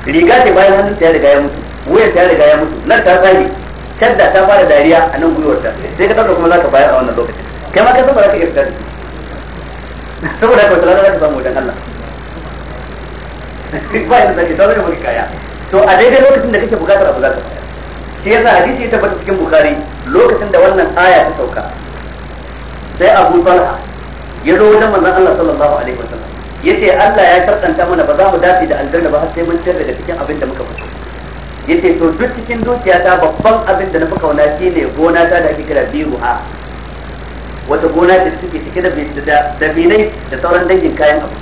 Speaker 1: ne riga ce bayan hannun ta ya riga ya mutu wuyan ta ya riga ya mutu nan ta tsage tadda ta fara dariya a nan gwiwarta sai ka ɗauka kuma za ka bayar a wannan lokacin kai ma ka san ba za ka iya fitar da shi saboda haka wata samu wajen Allah ba zaki sauran kaya to a daidai lokacin da kake bukatar abu za ka shi yasa hadisi ya tabbata cikin bukari lokacin da wannan aya ta sauka sai abu talha ya zo wajen manzon Allah sallallahu alaihi wasallam yace Allah ya shartanta mana ba za mu dace da aljanna ba har sai mun tare daga cikin abin da muka fito yace to duk cikin dukiyata babban abin da na fi kauna shine gona ta da ake kira biruha wata gona da suke cike da dabinai da sauran dangin kayan abu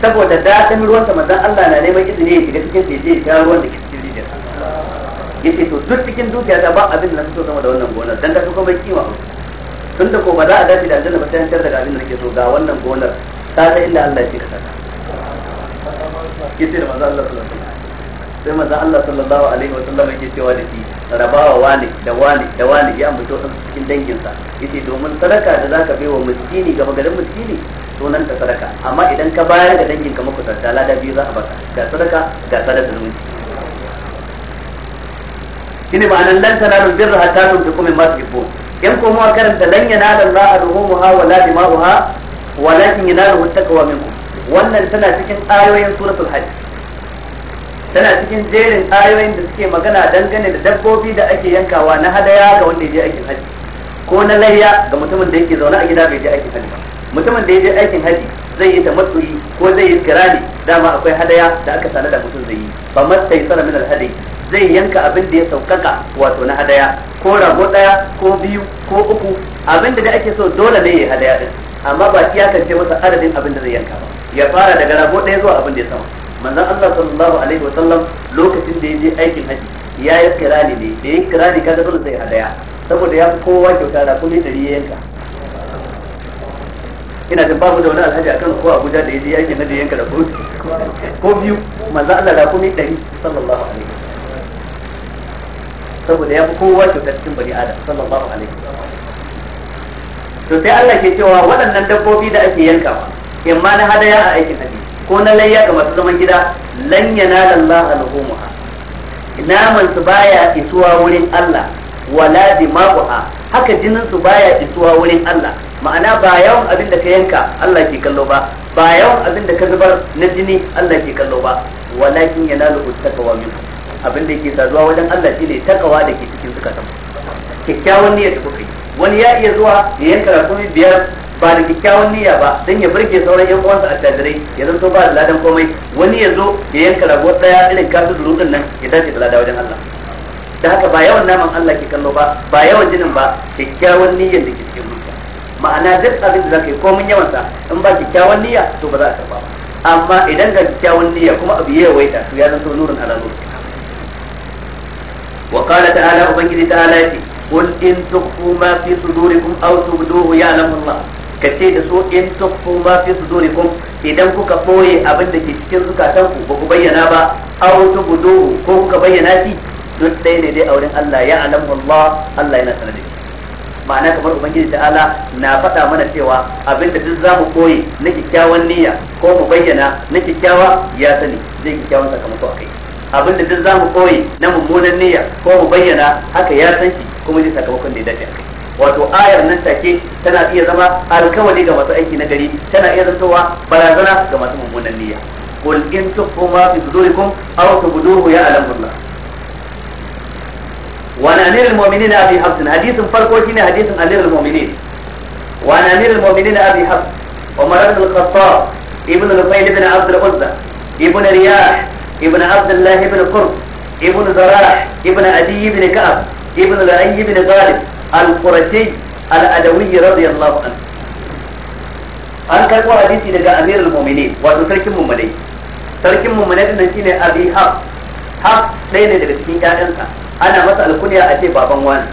Speaker 1: saboda da daɗin ruwan sa manzon Allah na neman izini ya shiga cikin jeje ya sha ruwan da ke cikin rijiyar yace to duk cikin dukiya ta ba abin da so sama da wannan gonar dan da kuma bai kima tun da ko ba za a dace da aljanna ba sai an tarda abin da ke so ga wannan gonar ta ta inda Allah ya ce ka saka yace da manzon Allah sallallahu alaihi wasallam sai manzo Allah sallallahu alaihi wa sallam yake cewa da shi rabawa wani da wani da wani ya ambaci a cikin danginsa yace domin sadaka da zaka bai wa miskini gaba garin miskini sunan ta sadaka amma idan ka bayar da danginka makusanta lada biyu za a baka ga sadaka ga sadaka zumunci shine ma'anan lan tanalul birra hatta tunfiqu mimma tuhibbun in kuma karanta lan yanala Allah ruhumuha wala dima'uha walakin yanaluhu taqwa minkum wannan tana cikin ayoyin suratul hajj tana cikin jerin ayoyin da suke magana dangane da dabbobi da ake yankawa na hadaya ga wanda ya je aikin haji ko na layya ga mutumin da yake zaune a gida bai je aikin haji ba mutumin da ya je aikin haji zai yi tamattu'i ko zai yi kirani dama akwai hadaya da aka sanar da mutum zai yi ba mattai sana min alhadi zai yanka abin da ya saukaka wato na hadaya ko rago daya ko biyu ko uku abin da ake so dole ne ya hadaya din amma ba iyakance masa adadin abin da zai yanka ba ya fara daga rago daya zuwa abin da ya sama manzon Allah sallallahu alaihi wa sallam lokacin da yaje aikin haji ya yi kirani ne da yin kirani kaga dole sai hadaya saboda ya fi kowa kyauta da kuma dari ya yanka ina jin babu da wani alhaji akan ko Abuja da yaje yakin haji yanka da ko ko biyu manzon Allah da kuma dari sallallahu alaihi wa saboda ya fi kowa kyauta cikin bani adam sallallahu alaihi wa to sai Allah ke cewa waɗannan dabbobi da ake yankawa in ma na hadaya a aikin haji ko na layya ga masu zaman gida lan yanala Allah alhumuha naman su baya isuwa wurin Allah wala dima'uha haka jinin su baya isuwa wurin Allah ma'ana ba yawan abin da ka yanka Allah ke kallo ba ba yawan abin da ka zubar na jini Allah ke kallo ba walakin yanalu takawa min abin da yake sazuwa wajen Allah shine takawa da ke cikin zukatan kyakkyawan niyyar da kuka yi wani ya iya zuwa ya yanka rakumi biyar ba da kyakkyawan niyya ba don ya burge sauran yan uwansa attajirai ya zanto ba da ladan komai wani ya zo ya yanka rago daya irin kasu durudin nan ya dace da lada wajen Allah da haka ba yawan naman Allah ke kallo ba ba yawan jinin ba kyakkyawan niyyar da ke cikin zuciya ma'ana duk abin da zaka yi komin yawan sa in ba kyakkyawan niyya to ba za a karba ba amma idan ga kyakkyawan niyya kuma abu ya waita to ya zanto nurun ala nur wa qala ta'ala ubangiji ta'ala yace قل إن تخفوا ما في صدوركم أو تبدوه يعلم الله ka ce da su in tukfu ba fi sudurikum idan kuka koye abin da ke cikin sukatanku ba ku bayyana ba aw budu ko kuka bayyana shi duk ɗaya ne dai a wurin Allah ya alamu Allah Allah yana sanar da ma'ana kamar ubangiji ala na faɗa mana cewa abin da duk zamu koyi na kyakkyawan niyya ko mu bayyana na kyakkyawa ya sani zai kyakkyawan sakamako a kai abin da duk zamu koyi na mummunan niyya ko mu bayyana haka ya san shi kuma zai sakamakon da ya dace a kai wato ayar nan take tana iya zama alkawari ga masu aiki na gari tana iya zantowa barazana ga masu mummunan niyya qul in tukhfu ma fi sudurikum aw tubduhu ya'lamu Allah wa an amir al-mu'minin abi hafs hadithin farko shine hadithin amir al-mu'minin wa an amir al-mu'minin abi hafs umar ibn al-khattab ibn al-fayl ibn abd al-uzza ibn riyah ibn abdullah ibn qurb ibn zarah ibn adi ibn ka'ab ibn al-ayy ibn ghalib al-qurashi al-adawi radiyallahu anhu an karɓo hadisi daga amirul mu'minin wato sarkin mu'minai sarkin mu'minai din shine abi haf haf ɗaya ne daga cikin 'ya'yansa. ana masa alkunya a ce baban wani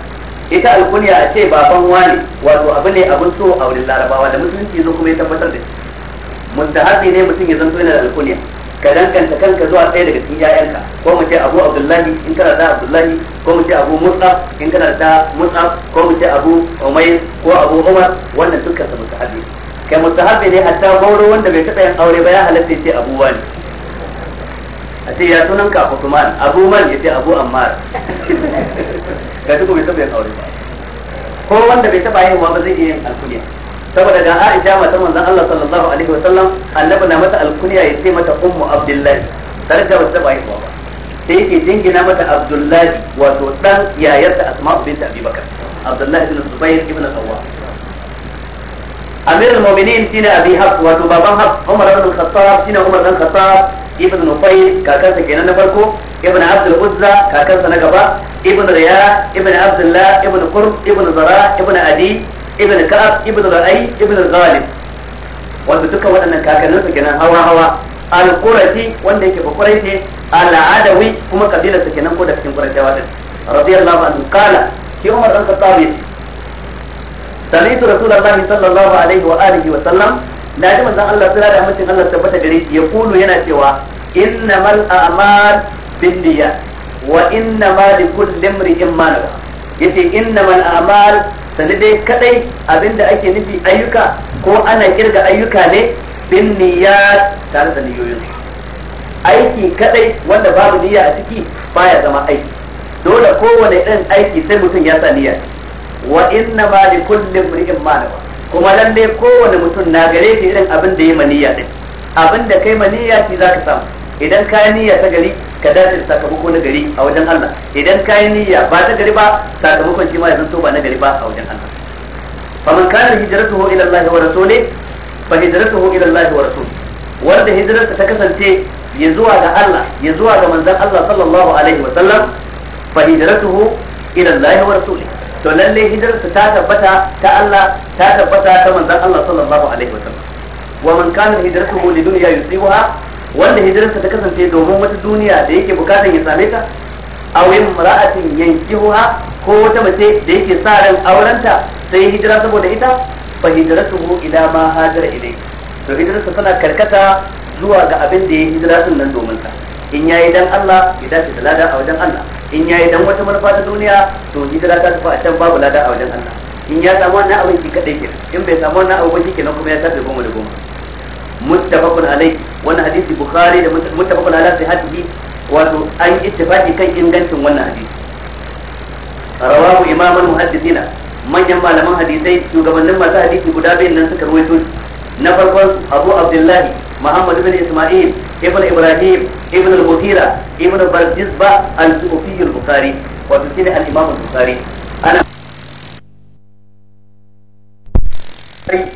Speaker 1: ita alkunya a ce baban wani wato abu ne abin so a wurin larabawa da musulunci zo kuma ya tabbatar da shi ne mutum ya zanto yana da alkunya ka danganta kanka zuwa ɗaya daga cikin ƴaƴanka ko mu ce Abu Abdullahi in kana da Abdullahi ko mu ce Abu Musa in kana da Musa ko mu ce Abu Umayr ko Abu Umar wannan dukkan su mustahabi kai mustahabi ne hatta gauro wanda bai taɓa yin aure ba ya halatta ce Abu Wani a ce ya sunan ka Abu Abu Man ya ce Abu Ammar ga duk bai taɓa yin aure ba ko wanda bai taɓa yin wa ba zai iya yin alkuliya saboda da Aisha mata manzon Allah sallallahu alaihi wa sallam annabi na mata alkunya ya ce mata ummu Abdullahi tare da wata bai ba sai yake jingina mata Abdullahi wato dan yayarta Asma bint Abi Bakar Abdullahi ibn Zubair ibn Sawwa Amir al-Mu'minin shine Abi Hafs wato baban Hafs Umar ibn Khattab shine Umar ibn Khattab ibn Nufayl kakansa kenan na farko ibn Abd uzza kakansa na gaba ibn Riyah, ibn Abdullah ibn Qurb ibn Zara ibn Adi ibn ka'ab ibn ra'i ibn zalim wanda duka waɗannan kakannin su kenan hawa hawa al-qurati wanda yake bakurai ne al-adawi kuma kabilar su kenan ko da cikin quraytawa din radiyallahu anhu qala ki umar dan khattab sami'tu rasulullahi sallallahu alaihi wa alihi wa sallam na ji manzon Allah tsira da mutum Allah tabbata gare shi ya kulu yana cewa innamal a'mal binniyat wa innamal likulli imrin ma nawa yace innamal a'mal sani dai kadai abinda ake nufi ayyuka ko ana kirga ayyuka ne bin ya tare da niyoyin aiki kadai wanda babu niyya a ciki baya zama aiki dole kowane irin aiki sai mutum ya sa niyya wa inna ma li kulli imrin ma nawa kuma lalle kowane mutum na gare shi irin abin da ya maniyya din abin da kai maniyya shi zaka samu idan ka yi niyya ta gari ka dace da sakamako na gari a wajen Allah idan ka yi niyya ba ta gari ba sakamakon shi ma ya zanto ba na gari ba a wajen Allah faman kana hijratuhu ila Allah wa rasuli fa hijratuhu ila Allah wa rasuli wanda hijrarsa ta kasance ya zuwa ga Allah ya zuwa ga manzon Allah sallallahu alaihi wa sallam fa hijratuhu ila Allah wa rasuli to lalle hijrarsa ta tabbata ta Allah ta tabbata ta manzon Allah sallallahu alaihi wa sallam wa man kana hijratuhu lidunya yusibuha wanda hijirarsa ta kasance domin wata duniya da yake bukatan ya same ta a aw imra'atin yankihuha ko wata mace da yake sa ran aurenta sai hijira saboda ita fa hijratuhu ila ma hajara ilai to hijirarsa tana karkata zuwa ga abin da ya hijira sun nan domin ta in yayi dan Allah ya dace da lada a wajen Allah in yayi dan wata manufa ta duniya to hijira ta tafi a can babu lada a wajen Allah in ya samu wannan abin ki kadai ke in bai samu wannan abin shi kenan kuma ya tafi goma da goma muttafaqun alai wannan hadisi bukhari da muttafaqun ala sihhatihi wato an ittifaqi kan ingancin wannan hadisi rawahu imamul muhaddisina manyan malaman hadisai shugabannin masu hadisi guda biyan nan suka rawaito na farkon abu abdullahi muhammad ibn isma'il ibn ibrahim ibn al-mughira ibn barzizba al-sufi al-bukhari wato shine al-imam al-bukhari ana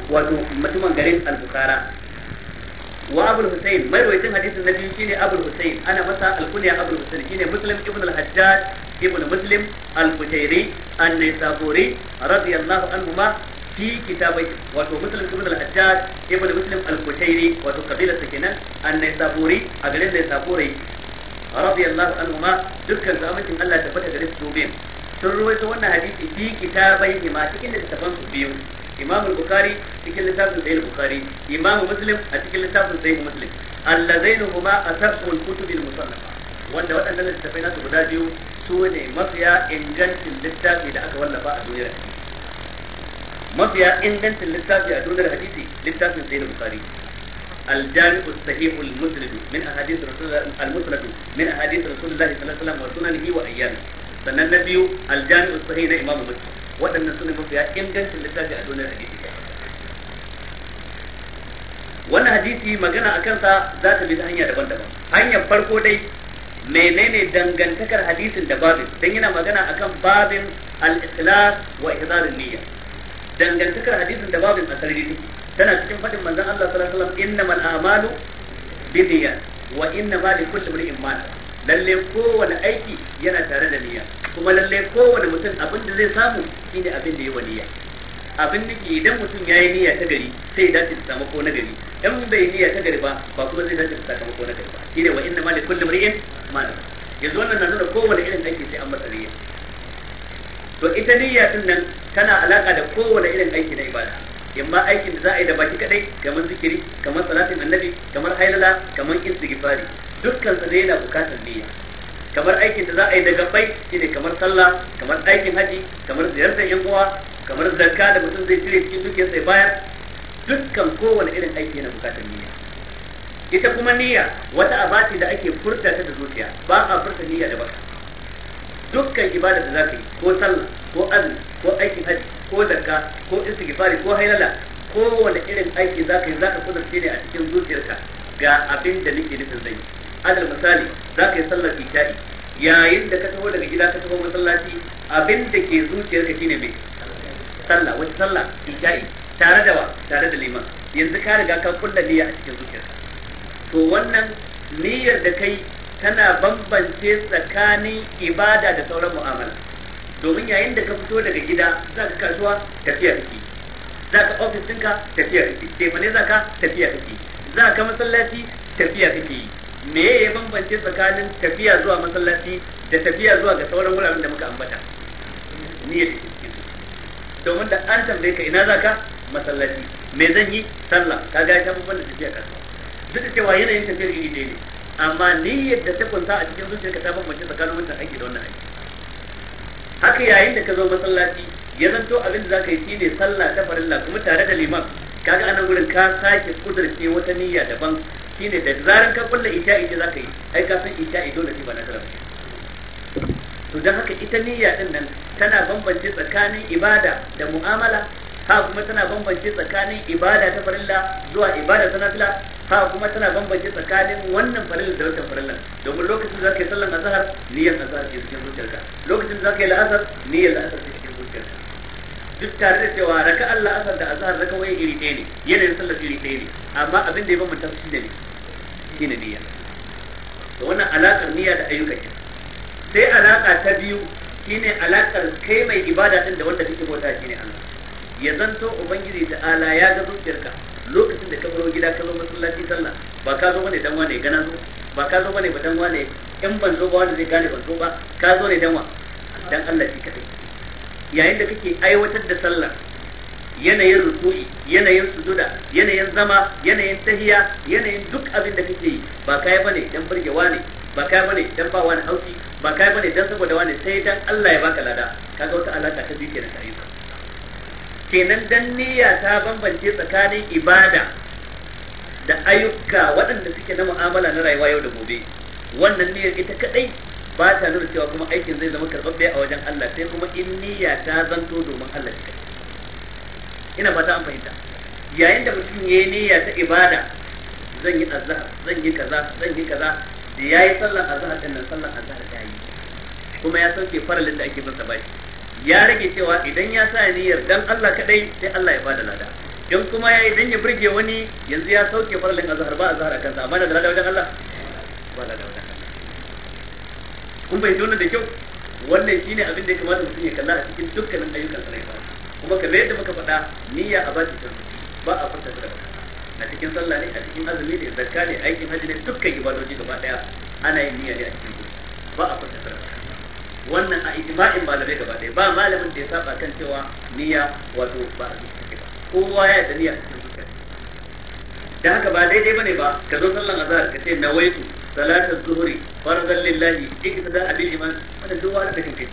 Speaker 1: wato mutumin garin al-bukhara وابو الحسين ما رويت حديث النبي كيني ابو الحسين انا مسا الكنيه ابو الحسين كيني مسلم ابن الحجاج ابن مسلم البشيري النيسابوري رضي الله عنهما في كتابه وهو مسلم ابن الحجاج ابن مسلم البشيري وهو قبيله سكينه النيسابوري اغلى النيسابوري رضي الله عنهما دكا زامتي الله تفتح لسوبين سن رويت وانا حديث في كتابيهما كيني تفهم بيوم imam al-bukhari cikin littafin sahih al-bukhari imam muslim a cikin littafin sahih muslim allazainu huma wanda waɗannan littafai nasu guda biyu su ne mafiya ingancin littafi da aka wallafa a duniyar mafiya ingancin littafi a duniyar hadisi littafin sahih al-bukhari الجامع الصحيح المسند من احاديث رسول الله المسند من احاديث رسول الله صلى الله عليه وسلم وسننه وايامه sannan na biyu aljami'u sahih na imamu muslim waɗannan sune mafiya ingancin littafi a duniyar hadisi wannan hadisi magana a kansa za ta bi ta hanya daban-daban hanyar farko dai menene dangantakar hadisin da babin dan yana magana akan babin al-ikhlas wa ihdarun niyya dangantakar hadisin da babin asali tana cikin fadin manzon Allah sallallahu alaihi wasallam innamal a'malu binniyat wa innama likulli imrin ma lalle kowane aiki yana tare da niyya kuma lalle kowane mutum abin da zai samu shine abin da ya niyya. abin da ke idan mutum ya yi niyya ta gari sai ya dace da sakamako na gari in bai niyya ta gari ba ba kuma zai dace da sakamako na gari ba shine wa inna ma li kulli mar'in ma yanzu wannan na nuna kowane irin aiki sai an matsariya to ita niyya din nan tana alaka da kowane irin aiki na ibada yamma aikin da za a yi da baki kadai kamar zikiri kamar salatin annabi kamar hailala kamar istighfari dukkan sa dai yana bukatar niyya kamar aikin da za a yi da shi ne kamar sallah kamar aikin haji kamar ziyartar yan uwa kamar zakka da mutum zai cire cikin dukiyar sai baya dukkan kowane irin aiki yana bukatar niyya ita kuma niyya wata abati da ake furta ta da zuciya ba a furta niyya da baka dukkan ibada da zaka yi ko sallah ko azumi ko aikin haji ko zakka ko istighfari ko hailala kowane irin aiki zaka yi zaka kudurce ne a cikin zuciyarka ga abin da nake nufin zai alal misali za ka yi sallar isha'i yayin da ka taho daga gida ka taho masallaci abin da ke zuciyarka shine mai sallah wata sallah isha'i tare da wa tare da liman yanzu ka riga ka kulla niyya a cikin zuciyarka to wannan niyyar da kai tana bambance tsakanin ibada da sauran mu'amala domin yayin da ka fito daga gida za ka kasuwa tafiya kake za ka ofis ɗinka tafiya kake sai mane za ka tafiya kake za ka masallaci tafiya kake yi me ya bambance tsakanin tafiya zuwa masallaci da tafiya zuwa ga sauran wuraren da muka ambata niyyar domin da an tambaye ka ina zaka masallaci me zan yi sallah ka ga ta babban da tafiya ka? duk da cewa yanayin tafiyar iri ɗaya ne amma niyyar da ta kunsa a cikin ka ta bambance tsakanin wannan aiki da wannan aiki haka yayin da ka zo masallaci ya zanto abin da zaka yi shine sallah ta farilla kuma tare da liman kaga anan gurin ka sake kudurce wata niyya daban shine da zaran ka kulla ita za ka yi ai ka san isha'i dole sai ba na sallah to dan haka ita niyya din nan tana bambance tsakanin ibada da mu'amala ha kuma tana bambance tsakanin ibada ta farilla zuwa ibada ta nafila ha kuma tana bambance tsakanin wannan farilla da wannan farilla domin lokacin da zaka yi sallar azhar niyyar azhar ce cikin zuciyarka lokacin da zaka yi la'asar niyyar la'asar ce cikin zuciyarka duk tare da cewa raka Allah azhar da azhar raka waye iri ɗaya ne yanayin sallar iri ɗaya ne amma abin da ya bambanta shi ne shine niyya to wannan alaƙar niyya da ayyuka ke sai alaƙa ta biyu shine alaƙar kai mai ibada din da wanda kake bauta shine Allah ya zanto ubangiji ala ya ga zuciyarka lokacin da ka baro gida ka zo masallaci sallah ba ka zo bane dan wane gana zo ba ka zo bane ba dan wane in ban zo ba wanda zai gane ban zo ba ka zo ne dan wa dan Allah shi kadai yayin da kake aiwatar da sallah yanayin ruku'i yanayin sujuda yanayin zama yanayin tahiya yanayin duk abin da kake yi ba kai bane dan burgewa ne ba kai bane dan ba wani hauki ba kai bane dan saboda wani sai dan Allah ya baka lada kaga wata alaka ta biyu da kai kenan dan niyya ta bambance tsakanin ibada da ayyuka waɗanda suke na mu'amala na rayuwa yau da gobe wannan niyyar ita kadai ba ta nuna cewa kuma aikin zai zama karɓaɓɓe a wajen Allah sai kuma in niyya ta zanto domin Allah ne ina fata an fahimta yayin da mutum ya yi niyya ta ibada zan yi azhar zan yi kaza zan yi kaza da yayi sallar azhar din nan sallar azhar ta yi kuma ya sauke faralin da ake masa bashi ya rage cewa idan ya sa niyyar dan Allah kadai sai Allah ya bada lada dan kuma ya idan ya burge wani yanzu ya sauke faralin azhar ba azhar akan sa amma da lada wajen Allah ba lada wajen Allah kun bai wannan da kyau wannan shine abin da ya kamata mutum ya kalla a cikin dukkanin ayyukan sa na ibada kuma kamar yadda muka faɗa niyya a bashi sun ba a furta da a cikin sallah ne a cikin azumi ne zakka ne aikin hajji ne dukkan ibadoji gaba daya ana yin niyya ne a cikin zuci ba a furta da wannan a ijma'in malamai gaba daya ba malamin da ya saba kan cewa niyya wato ba a zuci ba kowa ya da niyya a cikin zuci da haka ba daidai bane ba ka zo sallan azhar ka ce nawaitu salatul zuhri farzan lillahi Ikisa da abin iman wannan duk wani da kake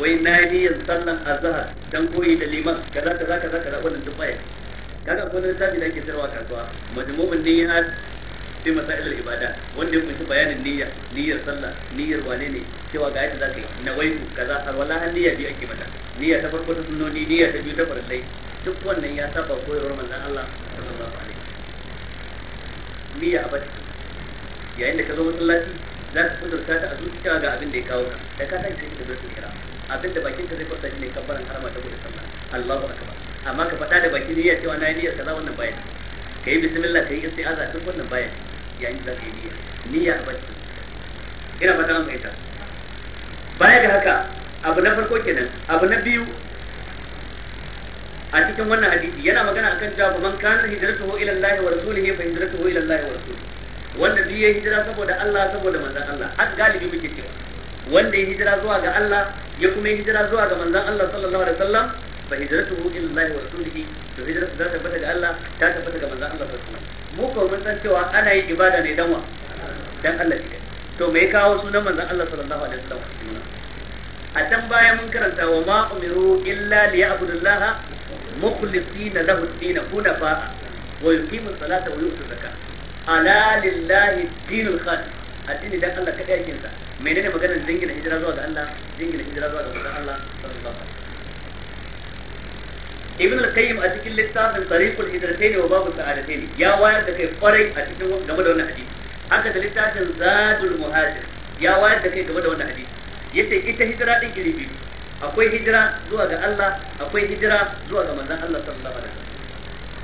Speaker 1: wai na yi niyyar sallan azhar dan koyi da liman kaza kaza kaza kaza wannan duk baya kaga akwai tabi da ke tarwa kasuwa majmu'un niyyat fi masail al-ibada wanda ya kunshi bayanin niyya niyyar sallah niyyar wane ne cewa ga yadda zaka yi na waitu kaza har wala har niyya biyu ake mata niyya ta farko ta sunnoni niyya ta biyu ta farillai duk wannan ya saba koyarwar manzon Allah sallallahu alaihi niyya niyya abadi yayin da ka zo masallaci za ka kudurta ta a zuciya ga abin da ya kawo ka da ka san shi da zuciya abinda bakin ka zai furta shi ne kabbaran harama ta gudu sallah Allahu akbar amma ka faɗa da baki ya cewa na yi niyyar kaza wannan baya kai bismillah kai isti'aza duk wannan baya yayin da kai niyya niyya a bacci ina fata an fahimta baya ga haka abu na farko kenan abu na biyu a cikin wannan hadisi yana magana akan jabu man kana hijratuhu ila Allah wa rasulihi fa hijratuhu ila Allah wa rasulihi wanda biye hijira saboda Allah saboda manzon Allah har galibi muke cewa wanda ya hijira zuwa ga Allah ya kuma ya hijira zuwa ga manzon Allah sallallahu alaihi wasallam fa hijratuhu ila Allah wa rasulihi to hijira za ta tabbata ga Allah ta tabbata ga manzon Allah sallallahu alaihi wasallam mu ko mun san cewa ana yin ibada ne dan wa dan Allah ne to me ya kawo sunan manzon Allah sallallahu alaihi wasallam a can baya mun karanta wa ma umiru illa liya'budullaha mukhlisina lahu ad-din hunafa wa yuqimu as-salata wa yu'tu az-zakata ala lillahi ad-din al-khalis addini dan Allah kadai yake sa menene maganar dangina hijira zuwa ga Allah dangina hijira zuwa ga manzon Allah sallallahu alaihi ibn al-qayyim a cikin littafin tariqul hijratain wa babu sa'adatain ya wayar da kai kwarai a cikin game da wannan hadisi haka da littafin zadul muhajir ya wayar da kai game da wannan hadisi yace ita hijira din iri biyu akwai hijira zuwa ga Allah akwai hijira zuwa ga manzon Allah sallallahu alaihi wasallam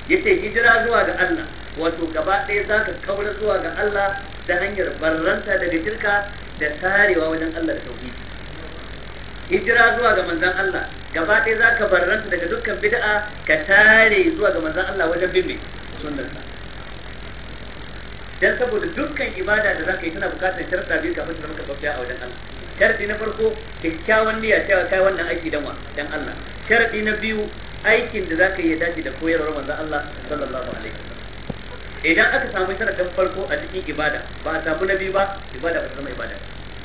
Speaker 1: yace hijira zuwa ga Allah wato gaba ɗaya za ka kaura zuwa ga Allah ta hanyar barranta daga shirka da tarewa wajen Allah da tauhidi hijira zuwa ga manzon Allah gaba ɗaya za ka barranta daga dukkan bid'a ka tare zuwa ga manzon Allah wajen bin sa dan saboda dukkan ibada da zaka yi tana bukatar sharta biyu kafin ta zama karɓaɓɓiya a wajen Allah sharadi na farko kyakkyawan niyya cewa kai wannan aiki dan wa dan Allah sharadi na biyu aikin da zaka yi ya dace da koyarwar manzon Allah sallallahu alaihi wasallam idan aka samu sharadin farko a cikin ibada ba a samu na biyu ba ibada ba ta zama ibada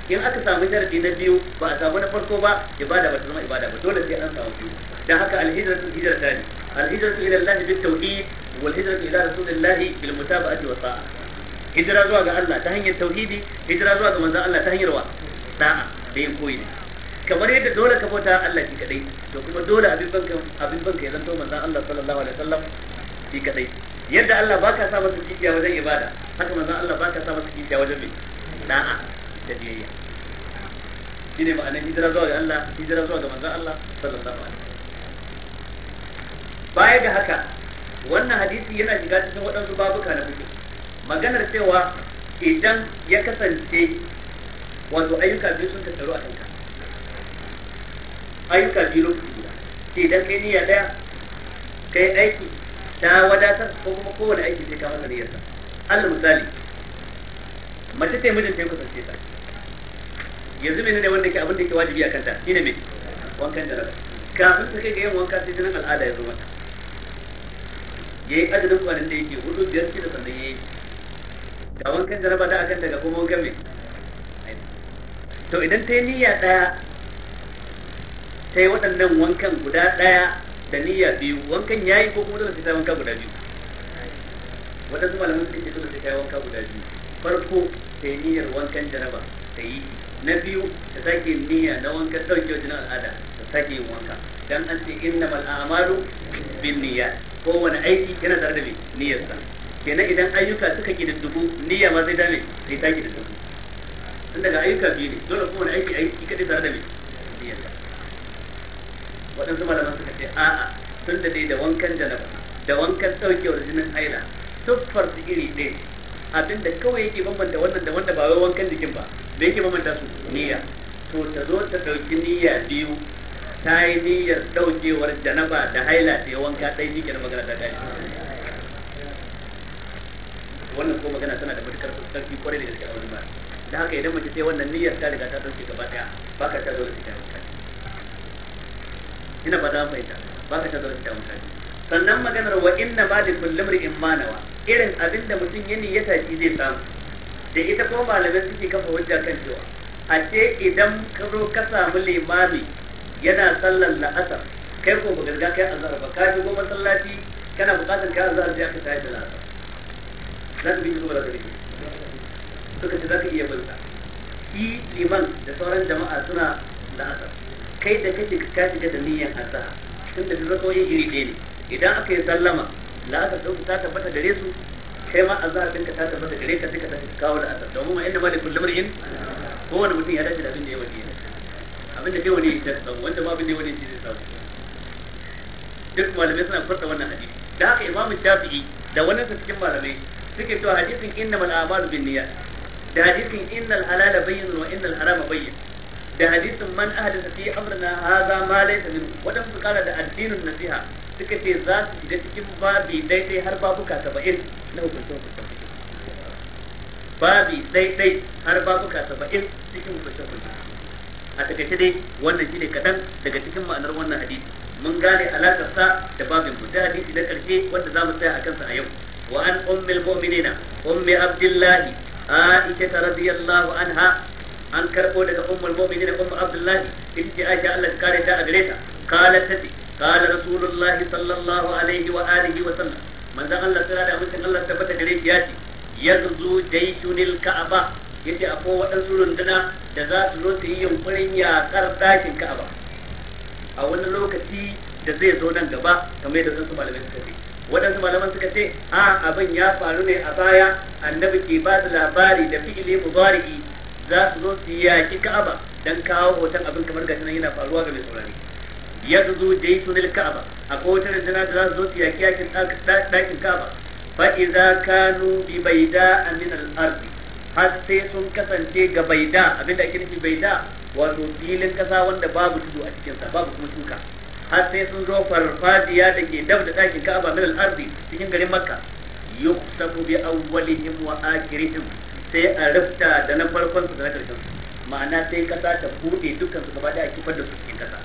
Speaker 1: in aka samu sharadi na biyu ba a samu na farko ba ibada ba ta zama ibada ba dole sai an samu biyu dan haka al-hijratu hijratan al-hijratu ila Allah bit tauhid wal hijratu ila rasulillah bil mutaba'ati wa sa'a hijira zuwa ga Allah ta hanyar tauhidi hijira zuwa ga manzon Allah ta hanyar wa da'a da yin koyi kamar yadda dole ka bauta Allah shi kadai to kuma dole abin banka abin banka ya zanto manzon Allah sallallahu alaihi wasallam shi kadai yadda Allah baka sa masa kishiya wajen ibada haka manzon Allah baka sa masa kishiya wajen bi na'a da biyayya shine ma'anar hijira zuwa ga Allah hijira zuwa ga manzon Allah sallallahu alaihi wasallam baya ga haka wannan hadisi yana shiga cikin waɗansu babuka na fiqh maganar cewa idan ya kasance wato ayyuka biyu sun tattaru a kanka ayyuka biyu lokaci guda sai idan kai niyya daya kai aiki ta wadatar ko kuma kowane aiki sai ka masa niyyarsa Allah misali mace ta yi mijinta ya kusance ta yanzu mai ne wanda ke abin da ke wajibi a kanta ne mai wankan jaraba kafin ta kai ga yin wanka sai jinin al'ada ya zo mata yi adadin kwanan da yake hudu biyar da sannan yi, ga wankan jaraba da akan daga kuma wankan me to idan ta yi niyya daya ta yi waɗannan wankan guda ɗaya da niyya biyu wankan ya yi ko kuma dole sai ta yi wanka guda biyu waɗansu malamai sun ce dole sai ta yi wanka guda biyu farko ta yi niyyar wankan jaraba ta yi na biyu ta sake niyya na wankan ɗauke jinin al'ada ta sake yin wanka dan an ce innamal a'malu bin ko kowane aiki yana tare da mai niyyarsa kenan idan ayyuka suka dubu niyya ma zai dame sai ta dubu tun daga ayyuka biyu ne dole kowane aiki aiki kaɗai tare da mai waɗansu malaman suka ce a'a tun da dai da wankan janaba da wankan ɗaukewar jinin haila tuffar su iri ɗaya abin da kawai yake bambanta wannan da wanda ba wai wankan jikin ba da yake bambanta su niyya to ta zo ta ɗauki niyya biyu ta yi niyyar ɗaukewar janaba da haila ta yi wanka ɗaya shi kenan magana ta gani wannan ko magana tana da matukar ƙarfi kwarai da gaske a wani ba da haka idan mace sai wannan niyyar ta riga ta ɗauke gaba ɗaya ba ka ta zo da ta ina ba ta fahimta ba ka tazara ta mutane sannan maganar wa inna ba da kullum ri'in ma nawa irin abin da mutum ya niyyata shi zai samu da ita ko malamai suke kafa hujja kan cewa a ce idan ka zo ka samu limami yana sallar asar kai ko baka ga kai azhar ba ka ji shigo masallaci kana bukatar kai azhar sai aka tashi da azhar za ka bi ko ba za ka bi suka ce za ka iya bin shi liman da sauran jama'a suna da asar. kai da kake ka shiga da niyyar hasa tun da zaka yi iri ɗaya ne idan aka yi sallama la aka dauki ta tabbata gare su kai ma azhar ɗinka ta tabbata gare ka sai ka tafi kawo da asar domin ma inda ma da kullum in kowane mutum ya dace da abin da ya wani abin da kai wani ya samu wanda ma abin da ya wani shi zai samu duk malamai suna furta wannan hadisi da haka imamu shafi'i da wannan sa cikin malamai suke cewa hadisin innamal a'malu binniyat da hadisin innal halala bayyin wa innal harama bayyin da hadisin man ahdatha fi amrina hadha ma laysa min wadan su kara da addinin nasiha suka ce za su shiga cikin babi daidai har babuka 70 na hukuncin hukuncin babi daidai har babuka 70 cikin hukuncin hukuncin a takaice dai wannan shine kadan daga cikin ma'anar wannan hadisi mun gane alakar sa da babin mu da hadisi na ƙarshe wanda za mu tsaya a kansa a yau wa an ummul mu'minina ummi abdullahi عائشة رضي الله عنها an karbo daga ummul mu'minin ummu abdullahi ita ce aisha Allah ta kare ta a gare ta kala tati kala rasulullahi sallallahu alaihi wa alihi wa sallam manzon Allah tsira da mutum Allah ta tabbata gare shi ya ce yanzu jaytunil ka'aba yace akwai waɗansu runduna da za su zo su yi yunkurin yakar dakin ka'aba a wani lokaci da zai zo nan gaba kamar yadda su malamai suka ce waɗansu malaman suka ce a abin ya faru ne a baya annabi ke ba da labari da fi'ili mubariki za su zo su yaki ka'aba dan kawo hoton abin kamar gashi nan yana faruwa ga mai saurari ya su zo nil ka'aba a kowace da za su zo su yaki yakin ɗakin ka'aba fa iza kanu bi baida min al-ard har sai sun kasance ga baida abinda ake nufi baida wato filin kasa wanda babu tudu a cikin sa babu kuma shuka har sai sun zo farfadiya da ke dab da ɗakin ka'aba min al cikin garin makka yuksabu bi awwalihim wa akhirihim sai a rufta da na farkon su da na karshen su ma'ana sai kasa ta bude dukkan su gaba daya kifar da su cikin kasa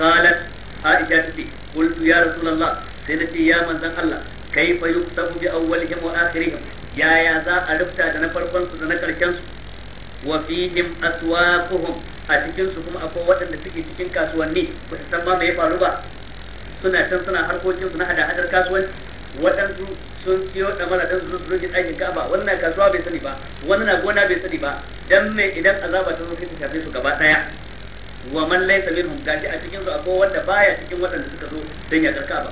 Speaker 1: qalat aisha ta ce qultu ya rasulullah sai na ce ya manzon Allah kaifa yuktabu bi awwalihim wa akhirihim yaya za a rufta da na farkon su da na karshen su wa fihim aswaquhum a cikin su kuma akwai waɗanda suke cikin kasuwanni ba su san ma me ya faru ba suna can suna harkokin su na hada hadar kasuwanci waɗansu sun siyo ɗamara don su zo ɗakin kaba wannan kasuwa bai sani ba wani na gona bai sani ba dan mai idan azaba ta zo sai ta shafe su gaba ɗaya wa man laysa minhum a cikin su akwai wanda baya cikin waɗanda suka zo dan ya karka ba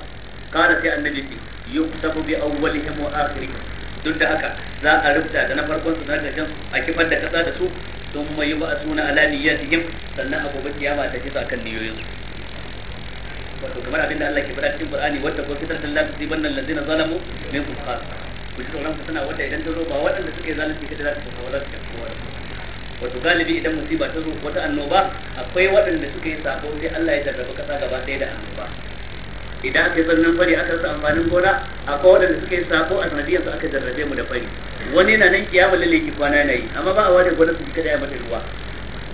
Speaker 1: kana sai annabi ce yuktabu bi awwalihim wa akhirihim duk da haka za a rubuta da na farkon su na karshen a kifar da kasa da su sun mai ba a suna ala niyyatihim sannan abubuwa kiyama ta kisa kan niyoyinsu wato kamar abinda Allah ke faɗa cikin Qur'ani wanda ko fitar da lafi ban nan lazina zalamu min ku khas ku ji tsoron sana wanda idan ta zo ba waɗanda suka yi zalunci kada za su kawo za su kawo wato galibi idan musiba ta zo wata annoba akwai waɗanda suke sako sai Allah ya jarraba kasa gaba ɗaya da annoba idan aka yi zannan fari aka rasa amfanin gona akwai waɗanda suke sako a sanadiyar su aka jarrabe mu da fari wani na nan kiyama lalle ki kwana yi, amma ba a ware gona su kada ya mata ruwa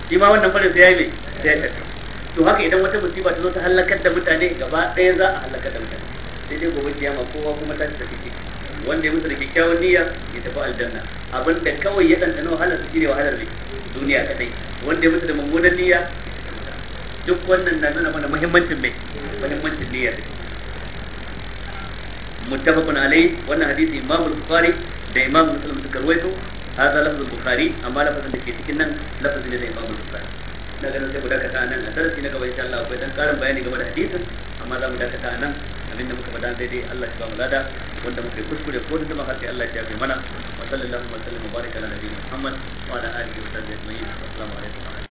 Speaker 1: shi ma wannan farin sai ya yi mai sai ya tafi to haka idan wata musiba ta zo ta halakar da mutane gaba ɗaya za a halakar da mutane sai dai gobe kiyama kowa kuma ta tafi ciki wanda ya musu da kyakkyawan niyya ya tafi aljanna abin da kawai ya dandana wahalar su shine wahalar mai duniya kadai wanda ya musu da mummunan niyya duk wannan na nuna mana muhimmancin mai muhimmancin niyya muttafaqun alayhi wannan hadisi Imam Bukhari da Imam Muslim suka rawaito hadha lafzul Bukhari amma lafazin da ke cikin nan lafazin da Imam Bukhari na ganin sai mu dakata nan a darasi na gaba insha Allah akwai dan karin bayani game da hadisin amma za mu dakata nan abinda muka faɗa daidai Allah ya ba mu lada wanda muka kuskure ko da muka sai Allah ya yafe mana wa sallallahu alaihi wa sallam baraka ala nabiyina Muhammad
Speaker 2: wa ala alihi wa sahbihi ajma'in assalamu alaikum